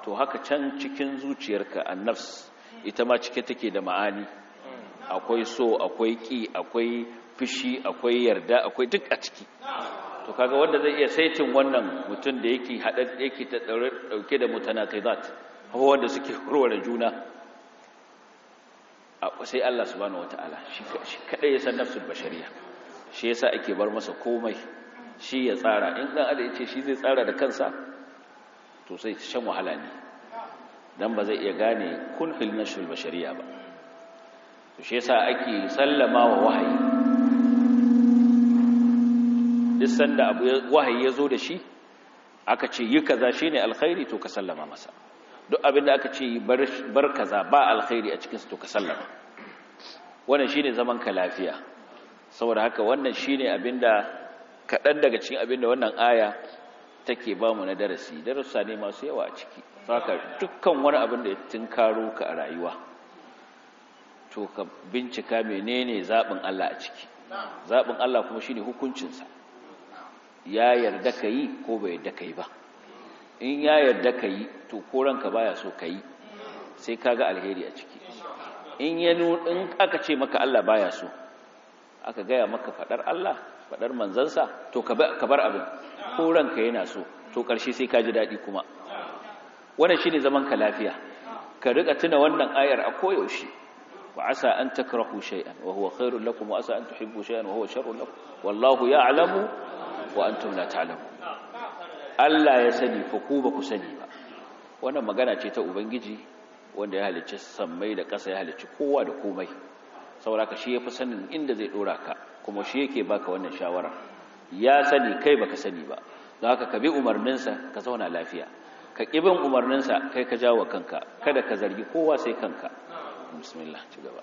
to haka can cikin zuciyarka annafs ita ma cike take da ma'ani akwai so akwai ki akwai fushi akwai yarda akwai duk a ciki to kaga wanda zai iya saitin wannan mutum da yake hada yake ta dauke da mutanaqidat hawa wanda suke horware juna sai Allah subhanahu wataala shi kadai ya san nafsul bashariya shi yasa ake bar masa komai shi ya tsara in dan adam yace shi zai tsara da kansa to sai shan wahala ne dan ba zai iya gane kunhul nashul bashariya ba to shi yasa ake sallama wa wahayi duk sanda abu wahayi ya zo da shi aka ce yi kaza shine alkhairi to ka sallama masa duk abin da aka ce bar kaza ba alkhairi a cikinsu, to ka sallama wannan shine zaman ka lafiya saboda haka wannan shine abin da kaɗan daga cikin abin wannan aya take ba mu na darasi darussa ne masu yawa a ciki saka dukkan wani abin da ya tinkaro ka a rayuwa to ka bincika menene zaɓin Allah a ciki zaɓin Allah kuma shine hukuncinsa ya yarda ka yi ko bai yarda ka yi ba in ya yarda ka yi to ko baya so ka yi sai ka ga alheri a ciki in ya in aka ce maka Allah baya so aka gaya maka fadar Allah fadar manzansa to ka bar abin ko yana so to ƙarshe sai ka ji daɗi kuma wannan shine zaman ka lafiya ka rika tuna wannan ayar a koyaushe wa asa an takrahu shay'an wa huwa khairul lakum wa asa an tuhibbu shay'an wa huwa sharrul lakum wallahu ya'lamu wa antum la ta'lamu Allah ya sani fa ku ba ku sani ba wannan magana ce ta ubangiji wanda ya halicci sammai da ƙasa ya halicci kowa da komai saboda ka shi yafi sanin inda zai dora ka kuma shi yake baka wannan shawara ya sani kai baka sani ba don haka ka bi umarninsa ka zauna lafiya ka bin umarninsa kai ka jawo kanka kada ka zargi kowa sai kanka bismillah ci gaba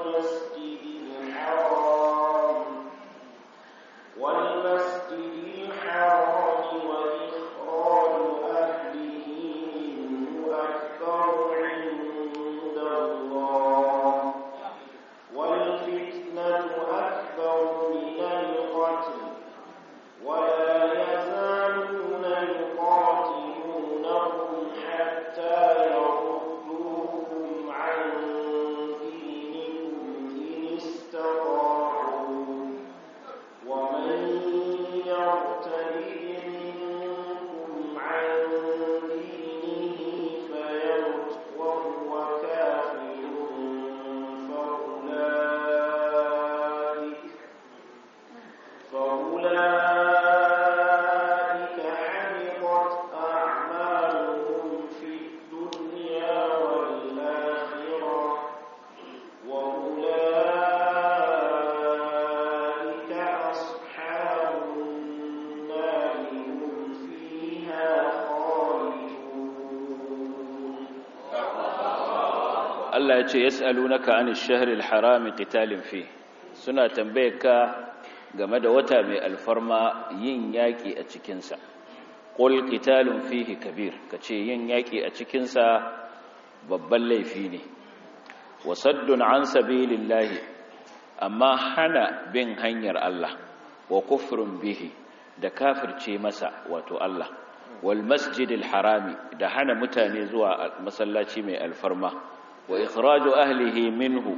Allah ya ce yas'alunaka anil shahril harami ƙitalin fi suna tambayar ka game da wata mai alfarma yin yaki a cikinsa ƙul ƙitalin fihi kabir kace yin yaki a cikin sa babban laifi ne wasaddun an sabilillahi amma hana bin hanyar Allah wa kufrin bihi da kafirce masa wato Allah wal masjidil harami da hana mutane zuwa masallaci mai alfarma wa ikhraju ahlihi minhu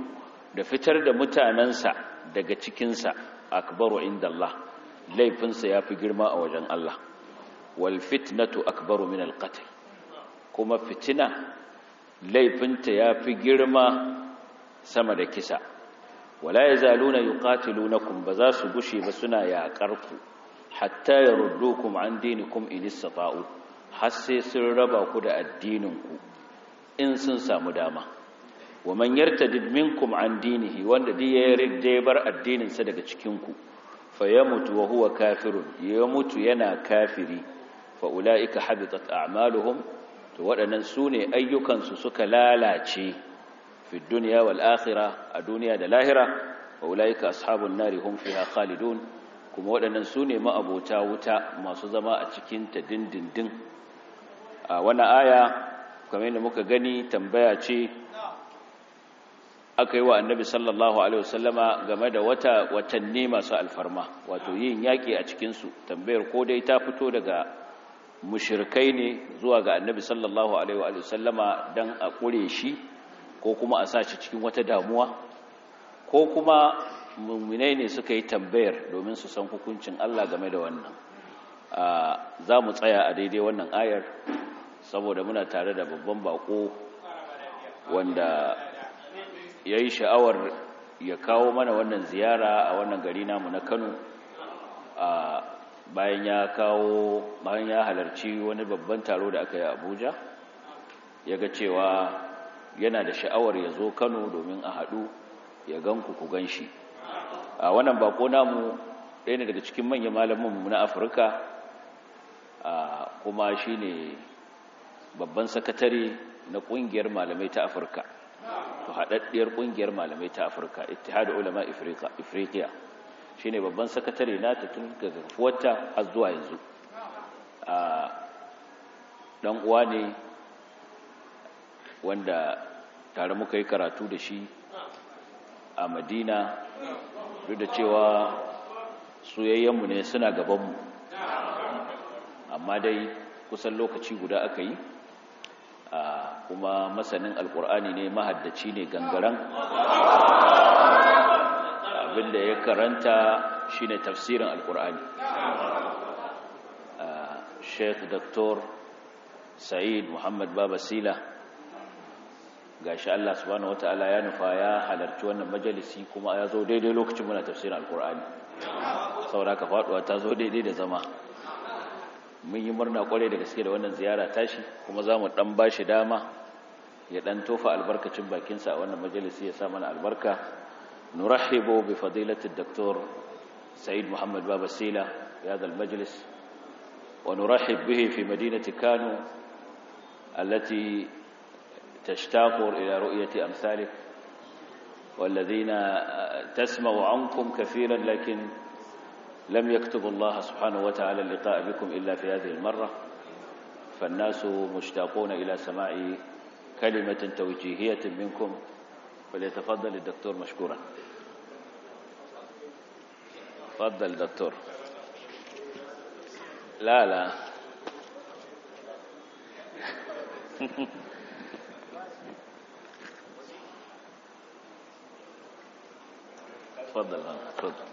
da fitar da mutanansa daga cikinsa akbaru inda Allah laifinsa ya fi girma a wajen Allah wal fitnatu akbaru min alqatl kuma fitina laifinta ya fi girma sama da kisa wala yazaluna yuqatilunakum ba za su gushe ba suna ku, hatta yaruddukum an dinikum in istata'u har sai sun raba ku da addininku in sun samu dama wa man yartadid minkum an dinihi wanda dai ya bar addinin sa daga cikin ku fa yamutu wa huwa kafirun ya mutu yana kafiri fa ulaika habitat a'maluhum to waɗannan sune ayyukan su suka lalace fi dunya wal akhirah a duniya da lahira wa ulaika ashabun nari hum fiha khalidun kuma waɗannan sune ma'abota wuta masu zama a cikin ta dindindin a wannan aya kamar yadda muka gani tambaya ce aka yi wa annabi sallallahu alaihi wasallama game da wata watanni masu alfarma wato yin yaƙi a cikinsu tambayar ko dai ta fito daga mushirkai ne zuwa ga annabi sallallahu alaihi wasallama don a ƙure shi ko kuma a sace cikin wata damuwa ko kuma muminai ne suka yi tambayar domin su san hukuncin Allah game da wannan ah, za mu tsaya a daidai wannan ayar saboda muna tare da babban bako wanda ya yi sha'awar ya kawo mana wannan ziyara a wannan gari namu na kano a bayan ya kawo bayan ya halarci wani babban taro da aka yi abuja ya ga cewa yana da sha'awar ya zo kano domin a haɗu ya gan ku gan shi a wannan bako namu ɗaya daga cikin manyan malamin na afirka kuma shi ne babban sakatare na ƙungiyar malamai ta afirka haɗaɗɗiyar ƙungiyar malamai ta afirka ittihadu ulama afirka shine babban sakatare na ta tun ga kafuwarta har zuwa yanzu a ɗan uwa ne wanda tare muka yi karatu da shi a madina duk da cewa soyayyenmu ne suna gabanmu amma dai kusan lokaci guda aka yi kuma masanin alkur'ani ne mahaddaci ne gangaren abinda ya karanta shine tafsirin alkur'ani sheikh Doktor sa'id muhammad babasila gashi allah subhanahu wata'ala ya nufa ya halarci wannan majalisi kuma ya zo daidai lokacin muna tafsirin alkur'ani saboda ka faduwa ta zo daidai da zama mun yi murna kware da gaske da wannan ziyara tashi kuma za mu ɗan ba shi dama ya dan tofa albarkacin bakin sa a wannan majalisi ya sa mana albarka nurahibu bi fadilati daktor sa'id muhammad baba sila ya zal majalis wa nurahib bihi fi madinati kano allati tashtaqu ila ru'yati amsalik والذين تسمع عنكم كثيرا لكن لم يكتب الله سبحانه وتعالى اللقاء بكم إلا في هذه المرة فالناس مشتاقون إلى سماع كلمة توجيهية منكم فليتفضل الدكتور مشكورا تفضل دكتور لا لا تفضل تفضل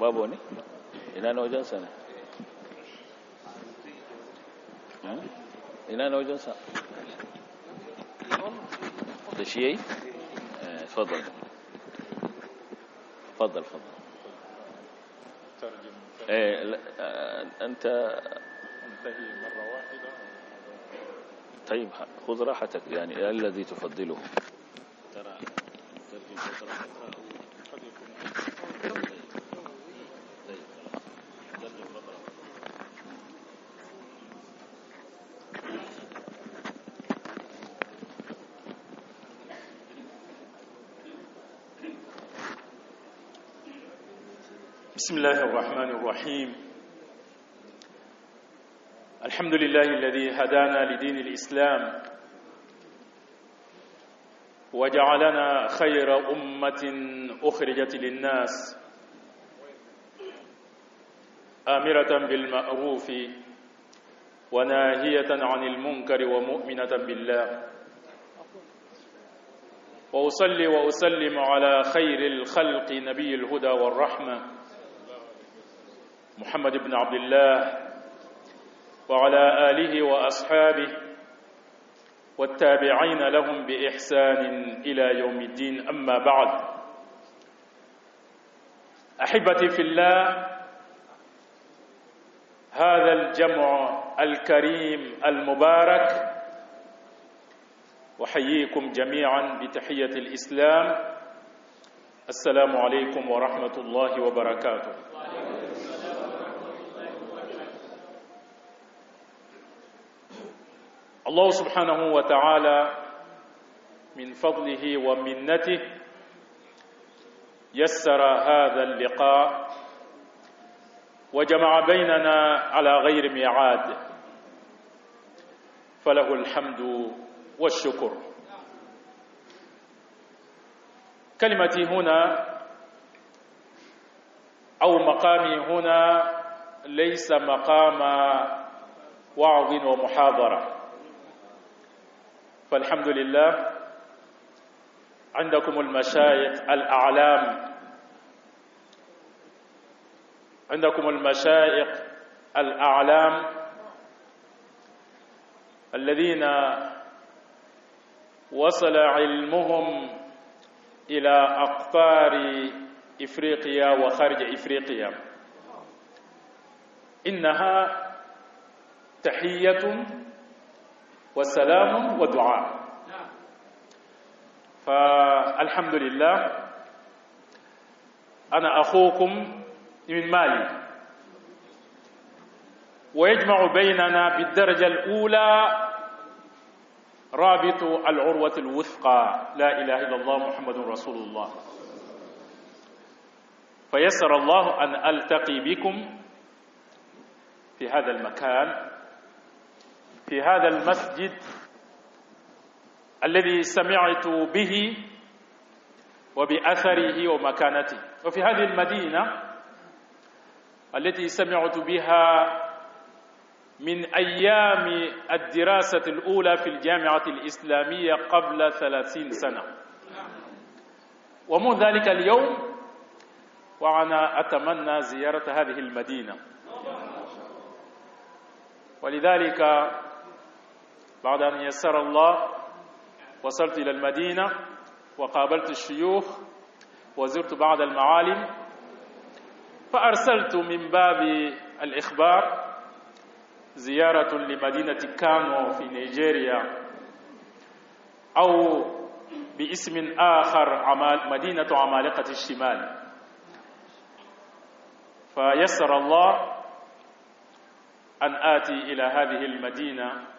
babu ne ina na wajen sa ne ina na wajen sa da shi yayi fadal fadal fadal أنت أنتهي مرة واحدة طيب خذ راحتك يعني الذي تفضله بسم الله الرحمن الرحيم الحمد لله الذي هدانا لدين الإسلام وجعلنا خير أمة أخرجت للناس آمرة بالمعروف وناهية عن المنكر ومؤمنة بالله وأصلي وأسلم على خير الخلق نبي الهدى والرحمة محمد بن عبد الله وعلى آله وأصحابه والتابعين لهم بإحسان إلى يوم الدين أما بعد أحبتي في الله هذا الجمع الكريم المبارك وحييكم جميعا بتحية الإسلام السلام عليكم ورحمة الله وبركاته الله سبحانه وتعالى من فضله ومنته يسر هذا اللقاء وجمع بيننا على غير ميعاد فله الحمد والشكر كلمتي هنا او مقامي هنا ليس مقام وعظ ومحاضره فالحمد لله عندكم المشايخ الأعلام عندكم المشايخ الأعلام الذين وصل علمهم إلى أقطار إفريقيا وخارج إفريقيا إنها تحية وسلام ودعاء فالحمد لله أنا أخوكم من مالي ويجمع بيننا بالدرجة الأولى رابط العروة الوثقى لا إله إلا الله محمد رسول الله فيسر الله أن ألتقي بكم في هذا المكان في هذا المسجد الذي سمعت به وبأثره ومكانته وفي هذه المدينة التي سمعت بها من أيام الدراسة الأولى في الجامعة الإسلامية قبل ثلاثين سنة ومن ذلك اليوم وأنا أتمنى زيارة هذه المدينة ولذلك بعد أن يسر الله وصلت إلى المدينة وقابلت الشيوخ وزرت بعض المعالم فأرسلت من باب الإخبار زيارة لمدينة كامو في نيجيريا أو باسم آخر مدينة عمالقة الشمال فيسر الله أن آتي إلى هذه المدينة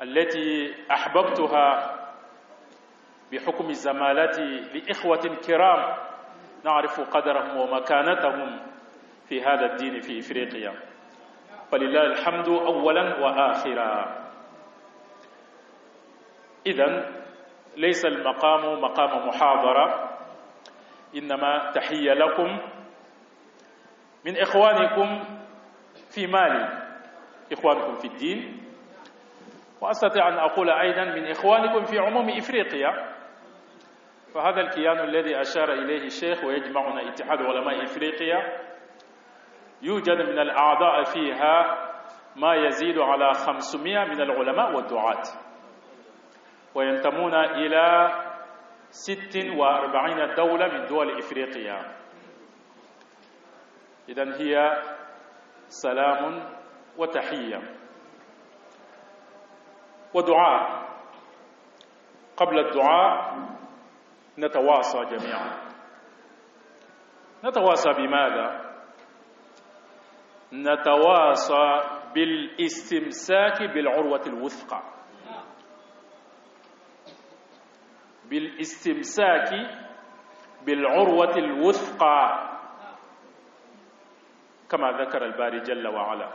التي أحببتها بحكم زمالتي لإخوة كرام نعرف قدرهم ومكانتهم في هذا الدين في إفريقيا فلله الحمد أولا وآخرا إذا ليس المقام مقام محاضرة إنما تحية لكم من إخوانكم في مالي إخوانكم في الدين وأستطيع أن أقول أيضا من إخوانكم في عموم إفريقيا فهذا الكيان الذي أشار إليه الشيخ ويجمعنا اتحاد علماء إفريقيا يوجد من الأعضاء فيها ما يزيد على 500 من العلماء والدعاة وينتمون إلى 46 دولة من دول إفريقيا إذا هي سلام وتحية ودعاء قبل الدعاء نتواصى جميعا نتواصى بماذا نتواصى بالاستمساك بالعروة الوثقى بالاستمساك بالعروة الوثقى كما ذكر الباري جل وعلا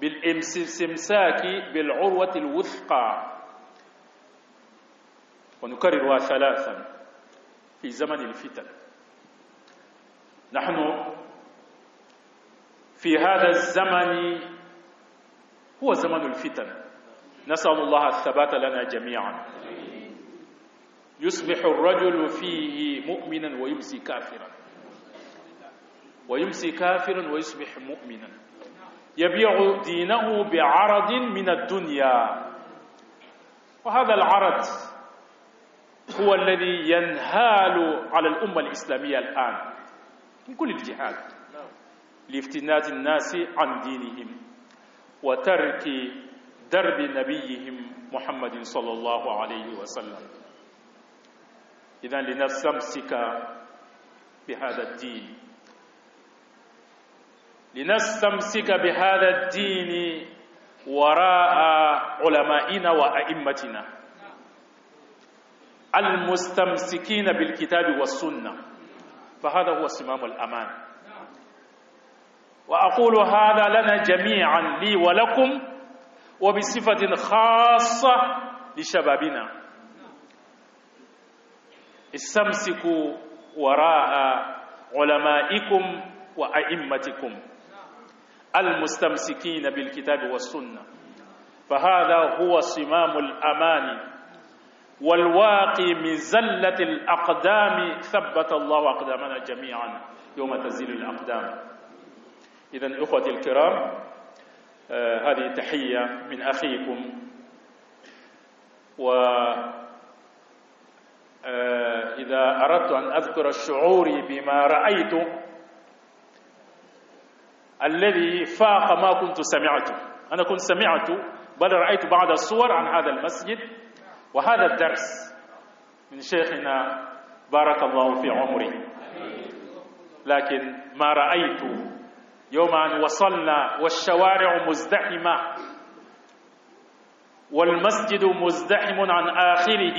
بالامساك بالعروة الوثقى ونكررها ثلاثا في زمن الفتن نحن في هذا الزمن هو زمن الفتن نسأل الله الثبات لنا جميعا يصبح الرجل فيه مؤمنا ويمسي كافرا ويمسي كافرا ويصبح مؤمنا يبيع دينه بعرض من الدنيا وهذا العرض هو الذي ينهال على الأمة الإسلامية الآن من كل الجهات لافتنات الناس عن دينهم وترك درب نبيهم محمد صلى الله عليه وسلم إذا لنستمسك بهذا الدين لنستمسك بهذا الدين وراء علمائنا وأئمتنا المستمسكين بالكتاب والسنة فهذا هو سمام الأمان وأقول هذا لنا جميعا لي ولكم وبصفة خاصة لشبابنا استمسكوا وراء علمائكم وأئمتكم المستمسكين بالكتاب والسنة فهذا هو صمام الأمان والواقي من زلة الأقدام ثبت الله أقدامنا جميعا يوم تزيل الأقدام إذا إخوتي الكرام آه، هذه تحية من أخيكم و آه، إذا أردت أن أذكر الشعور بما رأيت الذي فاق ما كنت سمعته أنا كنت سمعت بل رأيت بعض الصور عن هذا المسجد وهذا الدرس من شيخنا بارك الله في عمره لكن ما رأيت يوم أن وصلنا والشوارع مزدحمة والمسجد مزدحم عن آخره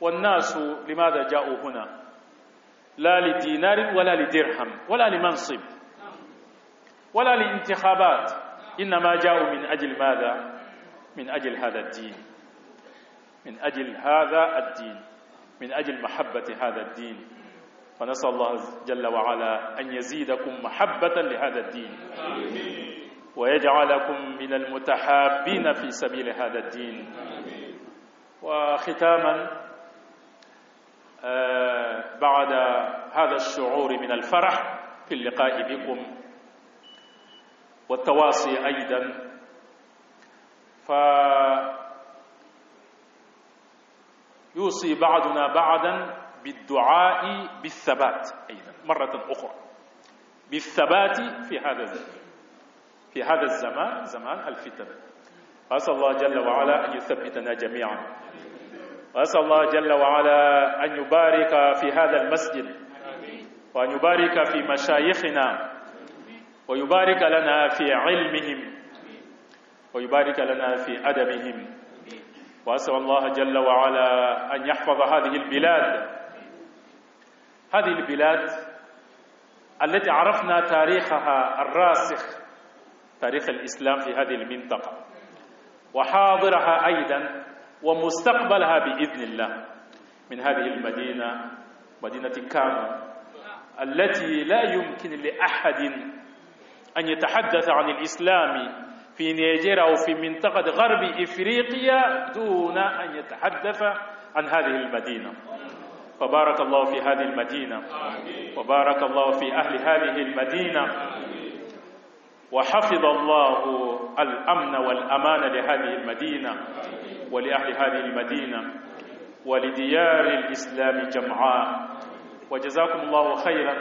والناس لماذا جاءوا هنا لا لدينار ولا لدرهم ولا لمنصب ولا لانتخابات إنما جاءوا من أجل ماذا من أجل هذا الدين من أجل هذا الدين من أجل محبة هذا الدين فنسأل الله جل وعلا أن يزيدكم محبة لهذا الدين ويجعلكم من المتحابين في سبيل هذا الدين وختاما آه، بعد هذا الشعور من الفرح في اللقاء بكم والتواصي أيضا فيوصي بعضنا بعضا بالدعاء بالثبات أيضا مرة أخرى بالثبات في هذا الزمان في هذا الزمان زمان الفتن أسأل الله جل وعلا أن يثبتنا جميعا وأسأل الله جل وعلا أن يبارك في هذا المسجد وأن يبارك في مشايخنا ويبارك لنا في علمهم ويبارك لنا في أدبهم وأسأل الله جل وعلا أن يحفظ هذه البلاد هذه البلاد التي عرفنا تاريخها الراسخ تاريخ الإسلام في هذه المنطقة وحاضرها أيضا ومستقبلها بإذن الله من هذه المدينة مدينة كامو التي لا يمكن لأحد أن يتحدث عن الإسلام في نيجيريا أو في منطقة غرب إفريقيا دون أن يتحدث عن هذه المدينة فبارك الله في هذه المدينة وبارك الله في أهل هذه المدينة وحفظ الله الأمن والأمان لهذه المدينة ولأهل هذه المدينة ولديار الإسلام جمعاء وجزاكم الله خيرا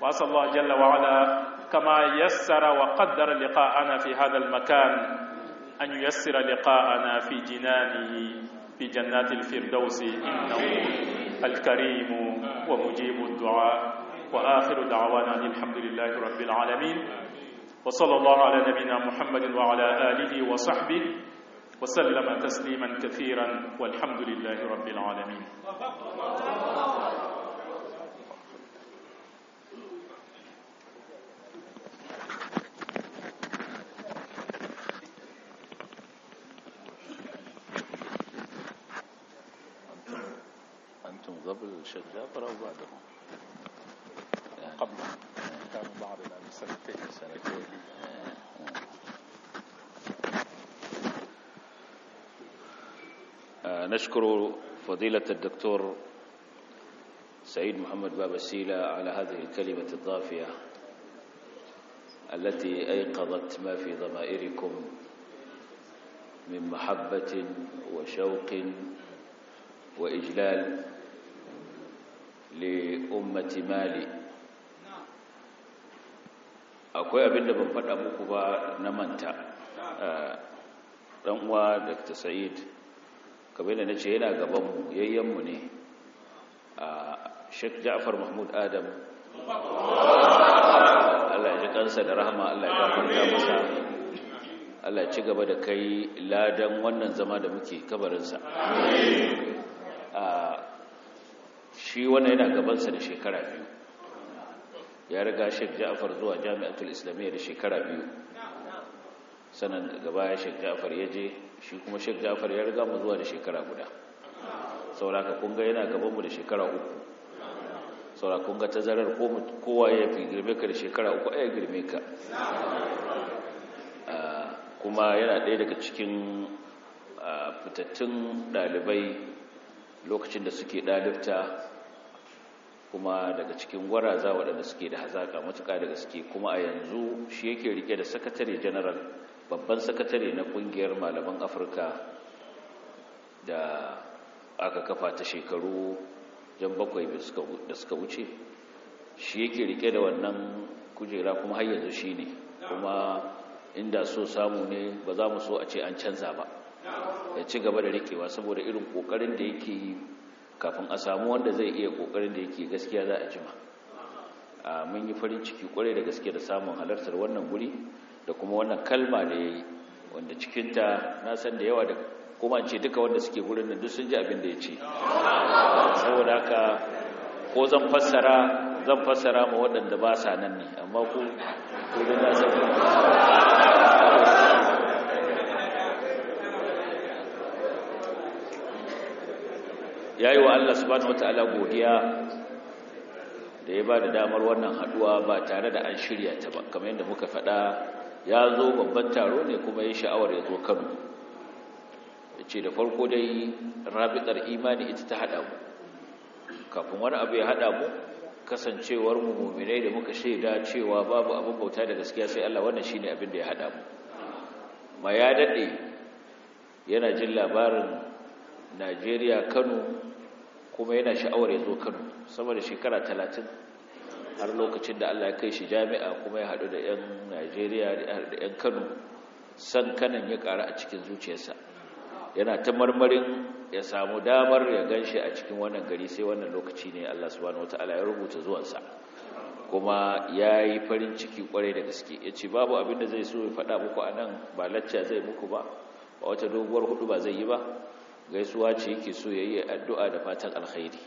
وأسأل الله جل وعلا كما يسر وقدر لقاءنا في هذا المكان أن ييسر لقاءنا في جنانه في جنات الفردوس إنه الكريم ومجيب الدعاء وآخر دعوانا الحمد لله رب العالمين وصلى الله على نبينا محمد وعلى آله وصحبه وسلم تسليما كثيرا والحمد لله رب العالمين فضيلة الدكتور سعيد محمد السيلة على هذه الكلمة الضافية التي أيقظت ما في ضمائركم من محبة وشوق وإجلال لأمة مالي akwai abin da بن faɗa أبوك ba na manta ɗan سعيد kamar yadda na ce yana gabanmu yayyanmu ne a sheik ja'far mahmud adam allah ya ji kansa da rahama allah ya gafarta masa allah ya ci gaba da kai ladan wannan zama da muke kabarinsa shi wannan yana gabansa da shekara biyu ya riga sheik ja'far zuwa jami'atul islamiyya da shekara biyu sanan gaba ya sheikh ja'far ya je shi kuma shek jafar ya riga mu zuwa da shekara guda sauraka kunga yana mu da shekara uku sauraka kunga zarar kowa ya girme ka da shekara uku ya girme ka ah, kuma yana ɗaya daga cikin ah, fitattun ɗalibai lokacin da suke ɗalibta kuma daga cikin gwaraza waɗanda suke da hazaƙa matuƙa daga suke, kuma a yanzu shi yake rike da sakatare general babban sakatare na kungiyar malaman afirka da aka kafa ta shekaru jan bakwai da suka wuce shi yake rike da wannan kujera kuma har yanzu shi ne kuma inda so samu ne ba za mu so a ce an canza ba ya ci gaba da rikewa saboda irin kokarin da yake yi kafin a samu wanda zai iya kokarin da yake gaskiya za a jima mun yi farin ciki kwarai da gaske da samun halartar wannan guri da kuma wannan kalma da ya yi wanda cikinta na san da yawa da kuma ce duka wanda suke gurin nan duk sun ji abin da ya ce saboda haka ko zan fassara zan fassara ma waɗanda ba sa nan ne amma ku kudin na san ya yi wa Allah subhanahu wata'ala godiya da ya ba da damar wannan haduwa ba tare da an shirya ta ba kamar yadda muka faɗa ya zo babban taro ne kuma ya sha'awar ya zo kano ya ce da farko dai rabitar imani ita ta haɗa mu kafin wani abu ya haɗa mu kasancewar mu muminai da muka shaida cewa babu abin bauta da gaskiya sai Allah wannan shine abin da ya haɗa mu ma ya daɗe yana jin labarin Najeriya Kano kuma yana sha'awar ya zo Kano sama da shekara talatin har lokacin da Allah ya kai shi jami'a kuma ya haɗu da 'yan Najeriya da 'yan Kano san kanan ya ƙara a cikin zuciyarsa yana ta marmarin ya samu damar ya gan shi a cikin wannan gari sai wannan lokaci ne Allah subhanahu wata ya rubuta zuwansa kuma ya yi farin ciki kwarai da gaske ya ce babu abin da zai so ya faɗa muku a nan ba lacca zai muku ba ba wata doguwar hudu ba zai yi ba gaisuwa ce yake so ya yi addu'a da fatan alkhairi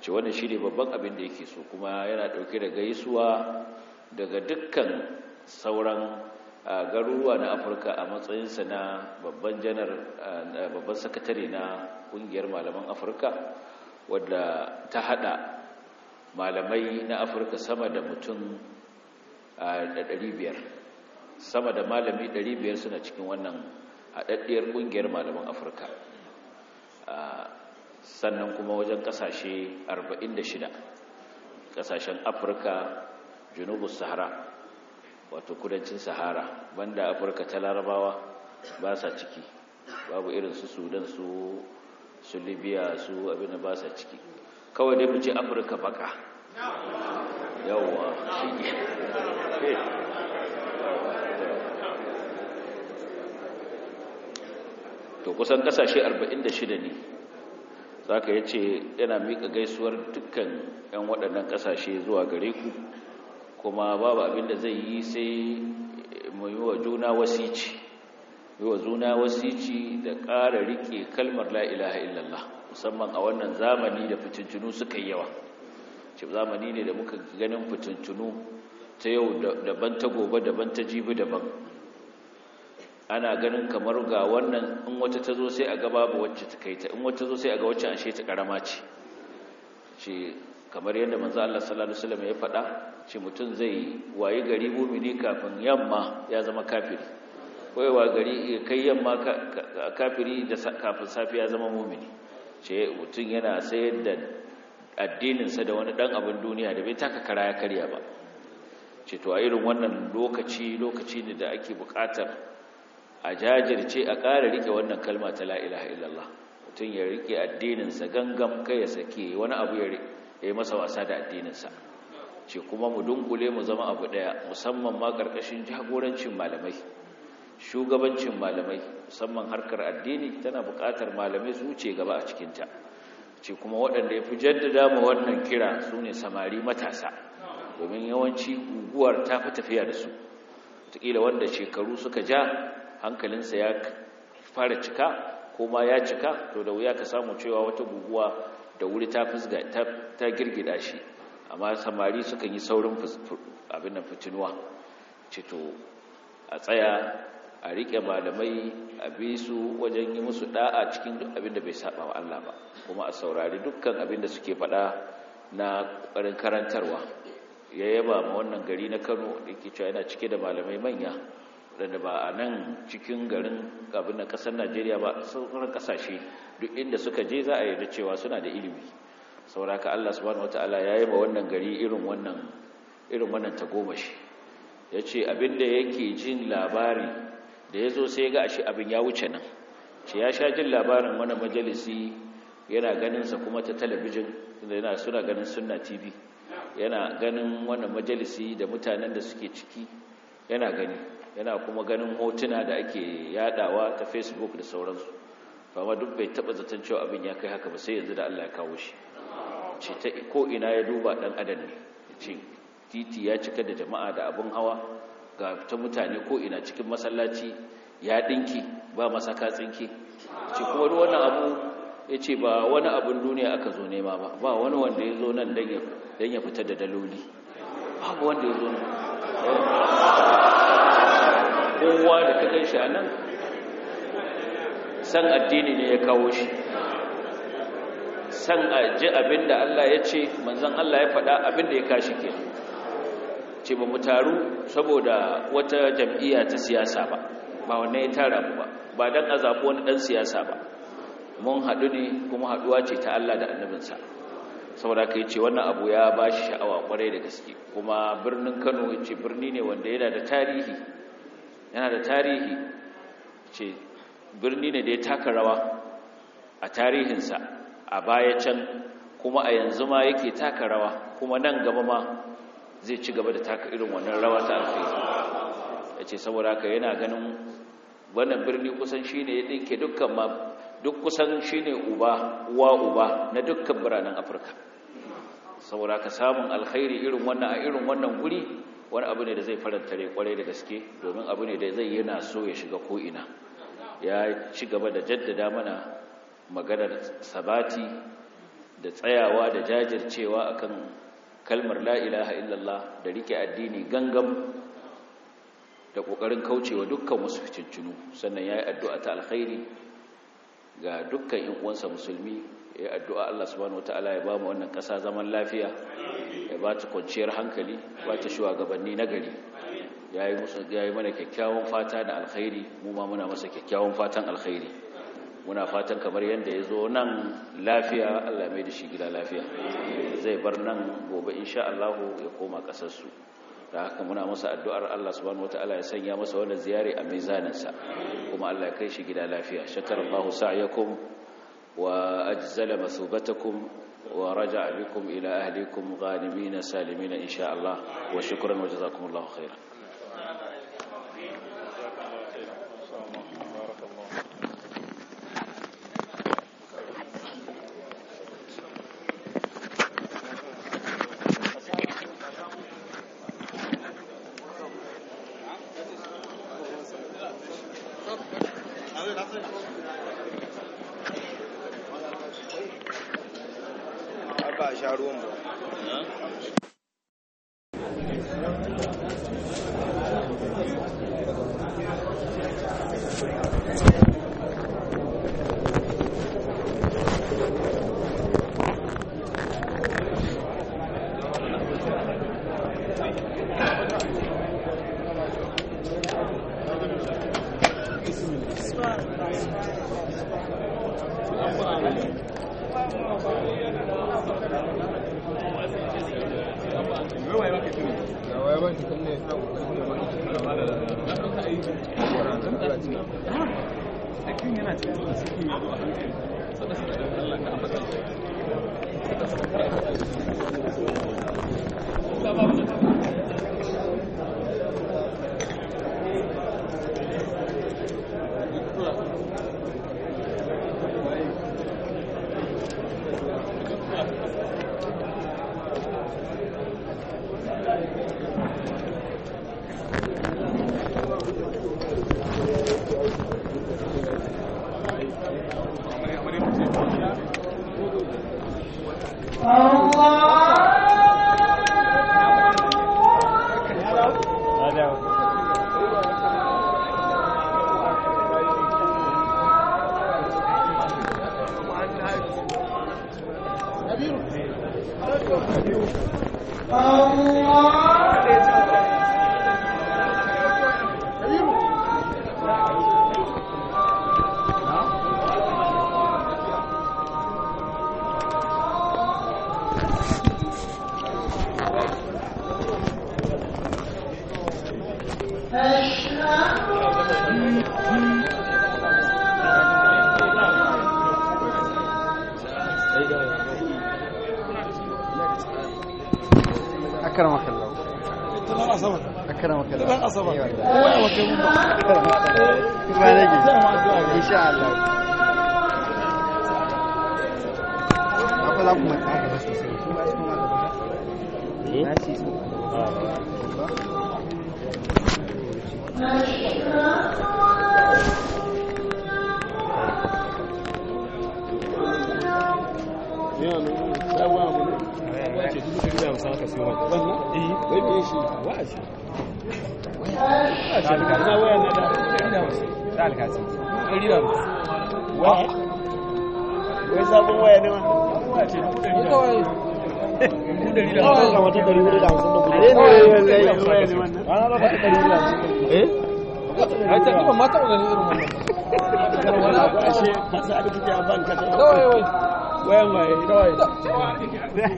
ce wannan shi ne babban abin da yake so kuma yana ɗauke da gaisuwa daga dukkan sauran garuruwa na afirka a matsayinsa na babban janar babban sakatare na ƙungiyar malaman afirka wadda ta hada malamai na afirka sama da mutum da biyar, sama da malami biyar suna cikin wannan haɗaɗɗiyar ƙungiyar malaman afirka sannan kuma wajen kasashe 46 kasashen afirka junubus sahara wato kudancin sahara banda afirka ta larabawa ba sa ciki babu irin su sudan su su libya su abin da ba sa ciki kawai dai mu ce afirka baka yawwa to kusan kasashe 46 ne saka ya ce yana mika gaisuwar dukkan 'yan waɗannan ƙasashe zuwa gare ku kuma babu abin da zai yi sai mu yi wa juna wasici yi wa juna wasici da ƙara riƙe kalmar la'ilaha illallah musamman a wannan zamani da fitintunu suka yawa ce zamani ne da muka ganin fitintunu ta yau daban ta gobe daban ta jibi daban ana ganin kamar ga wannan in wata ta zo sai a ga babu wacce ta kai ta in wata zo sai a ga wacce ta karama ce shi kamar yadda manzo Allah sallallahu alaihi wasallam ya faɗa shi mutum zai wayi gari mumini kafin yamma ya zama kafiri wai wa gari kai yamma kafiri da kafin safi ya zama mumini shi mutum yana sayar da addininsa da wani dan abin duniya da bai taka kara ya karya ba ce to a irin wannan lokaci lokaci ne da ake buƙatar a jajirce a ƙara rike wannan kalma ta la'ilaha illallah mutum ya rike addininsa gangan kai ya sake wani abu ya yi masa wasa da addininsa ce kuma mu dunkule mu zama abu ɗaya musamman ma ƙarƙashin jagorancin malamai shugabancin malamai musamman harkar addini tana buƙatar malamai su ce gaba a cikinta ce kuma waɗanda ya fi jaddada ma wannan kira su ne samari matasa domin yawanci guguwar ta fi tafiya da su wataƙila wanda shekaru suka ja hankalinsa ya fara cika ko ma ya cika to da wuya ka samu cewa wata guguwa da wuri ta fusga ta girgida shi amma samari sukan yi saurin abin nan fitinuwa cito a tsaya a riƙe malamai a bi su wajen yi musu da'a cikin duk abin da bai saba wa Allah ba kuma a saurari dukkan abin da suke faɗa na ƙoƙarin karantarwa ya yaba ma wannan gari na Kano da ke cewa yana cike da malamai manya da ba a nan cikin garin abin da kasar najeriya ba sauran kasashe duk inda suka je za a yarda cewa suna da ilimi sauraka allah subhanahu Ala ya yi ma wannan gari irin wannan ta tagomashi ya ce abinda yake jin labari da ya zo sai ga shi abin ya wuce nan ce ya sha jin labarin wani majalisi yana ganinsa kuma ta talabijin yana suna ganin sunna tv yana ganin wannan majalisi da mutanen da suke ciki yana gani yana kuma ganin hotuna da ake yadawa ta facebook da sauransu amma duk bai taba zaton cewa abin ya kai haka ba sai yanzu da Allah ya kawo shi ce ta ko ina ya duba dan adam ne ce titi ya cika da jama'a da abin hawa ga ta mutane ko ina cikin masallaci ya dinki ba masaka tsinki ce kuma wannan abu ya ce ba wani abin duniya aka zo nema ba ba wani wanda ya zo nan don ya fitar da daloli babu wanda ya zo nan kowa da ka kai shi a nan san addini ne ya kawo shi san aji abinda Allah ya ce manzon Allah ya faɗa abinda ya kashi ke ce ba mu taru saboda wata jam'iyya ta siyasa ba ba wannan ya tara mu ba ba dan azabu wani dan siyasa ba mun haɗu ne kuma haɗuwa ce ta Allah da annabinsa saboda kai ce wannan abu ya bashi shi sha'awa kwarai da gaske kuma birnin kano ya ce birni ne wanda yana da tarihi yana da tarihi ce birni ne da ya taka rawa a tarihinsa a baya can kuma a yanzu ma yake taka rawa kuma nan gaba ma zai ci gaba da taka irin wannan rawa ta alkhairi ya ce saboda haka yana ganin wannan birni kusan shi ne ya ɗinke dukkan ma duk kusan shi ne uba uwa uba na dukkan biranen afirka saboda haka samun alkhairi irin wannan a irin wannan guri wani abu ne da zai faranta rai kwarai da gaske domin abu ne da zai yana so ya shiga ko'ina ya ci gaba da jaddada mana maganar sabati da tsayawa da jajircewa akan kalmar la'ilaha illallah da rike addini gangam da ƙoƙarin kaucewa dukkan wasu cincinu sannan ya yi addu'a ta alkhairi ga dukkan uwansa musulmi ya addu'a Allah subhanahu wataala ya ba mu wannan ƙasa zaman lafiya ya ba ta kwanciyar hankali ba ta shugabanni na gari ya yi mana kyakkyawan fata da alkhairi mu ma muna masa kyakkyawan fatan alkhairi muna fatan kamar yadda ya zo nan lafiya Allah mai da shi gida lafiya zai bar nan gobe insha Allah ya koma ƙasarsu da haka muna masa addu'ar Allah subhanahu wata'ala ya sanya masa wannan ziyare a mizaninsa kuma Allah ya kai shi gida lafiya shakar Allah sa'yakum وأجزل مثوبتكم ورجع بكم إلى أهلكم غانمين سالمين إن شاء الله وشكرا وجزاكم الله خيرا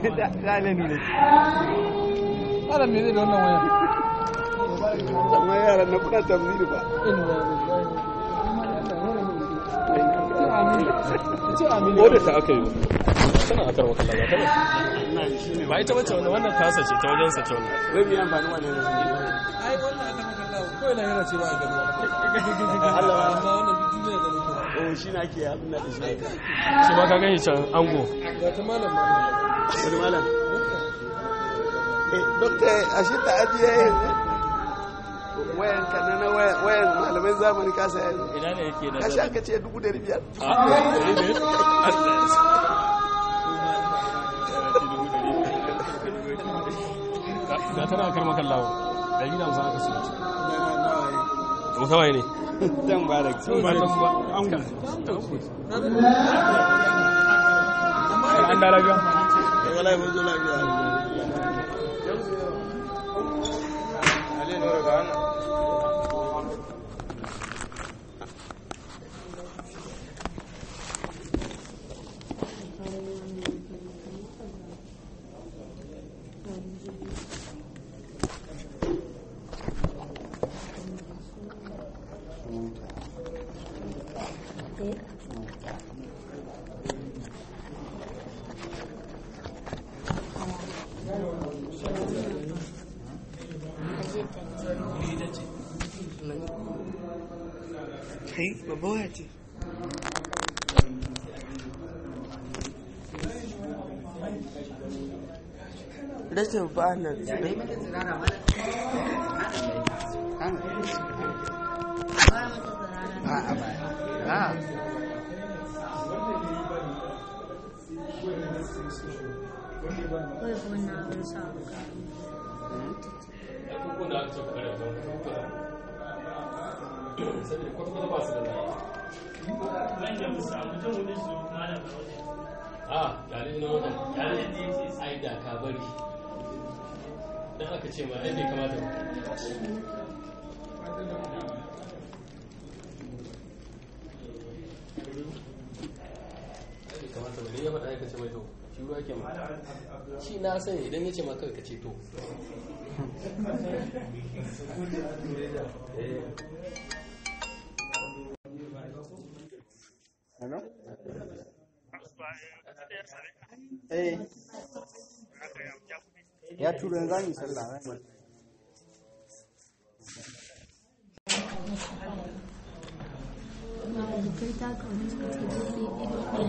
dale ne me da wannan waya ta aka yi ta ba ita wannan tasa ce ta wajen sa ce zai biya ne ai wannan aka ko ina yana ce ba a gani Allah wannan duniya gani eh shi na ke da shi shi ba ka gani can ango wata malam wata malam eh, dokta ashe ta ajiye wayan kanna na wayan malamai zamani kasa yanzu ina ne yake da kashi aka ce dubu dari biyar tana karmakan lawo musamman đi, zan ba ba anh chưa? da ke an da lafiya wallahi mun zo lafiya wannan saboda Ah, dan aka ce ma ai bai kamata ba kamata ne ya faɗa ya kace mai to shi ruwa ke ma shi na sani idan ya ce maka ka ce to Hello? Eh. ya turo yanzu an yi sallah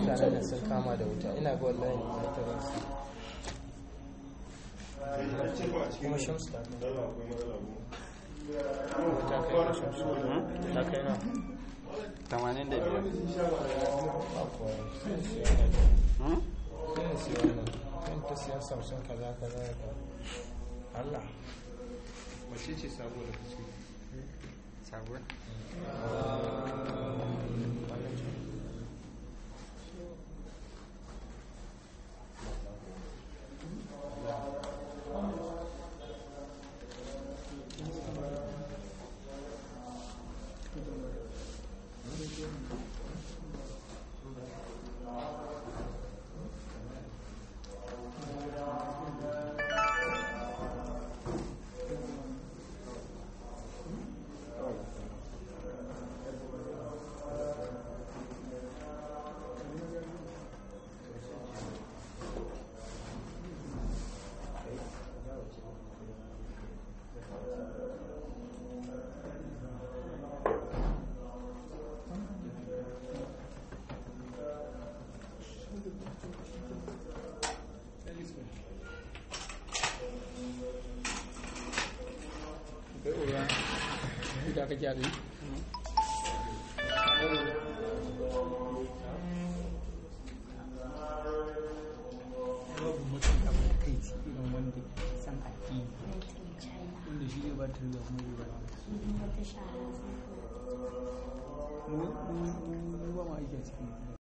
da sun kama da wuta ina ga wallahi ne ta ta kai ta kai na kan ta siya samson kaza kaza ya ka Allah Wacce ce sabuwar da kuke hmm? sabuwar ah. aquí.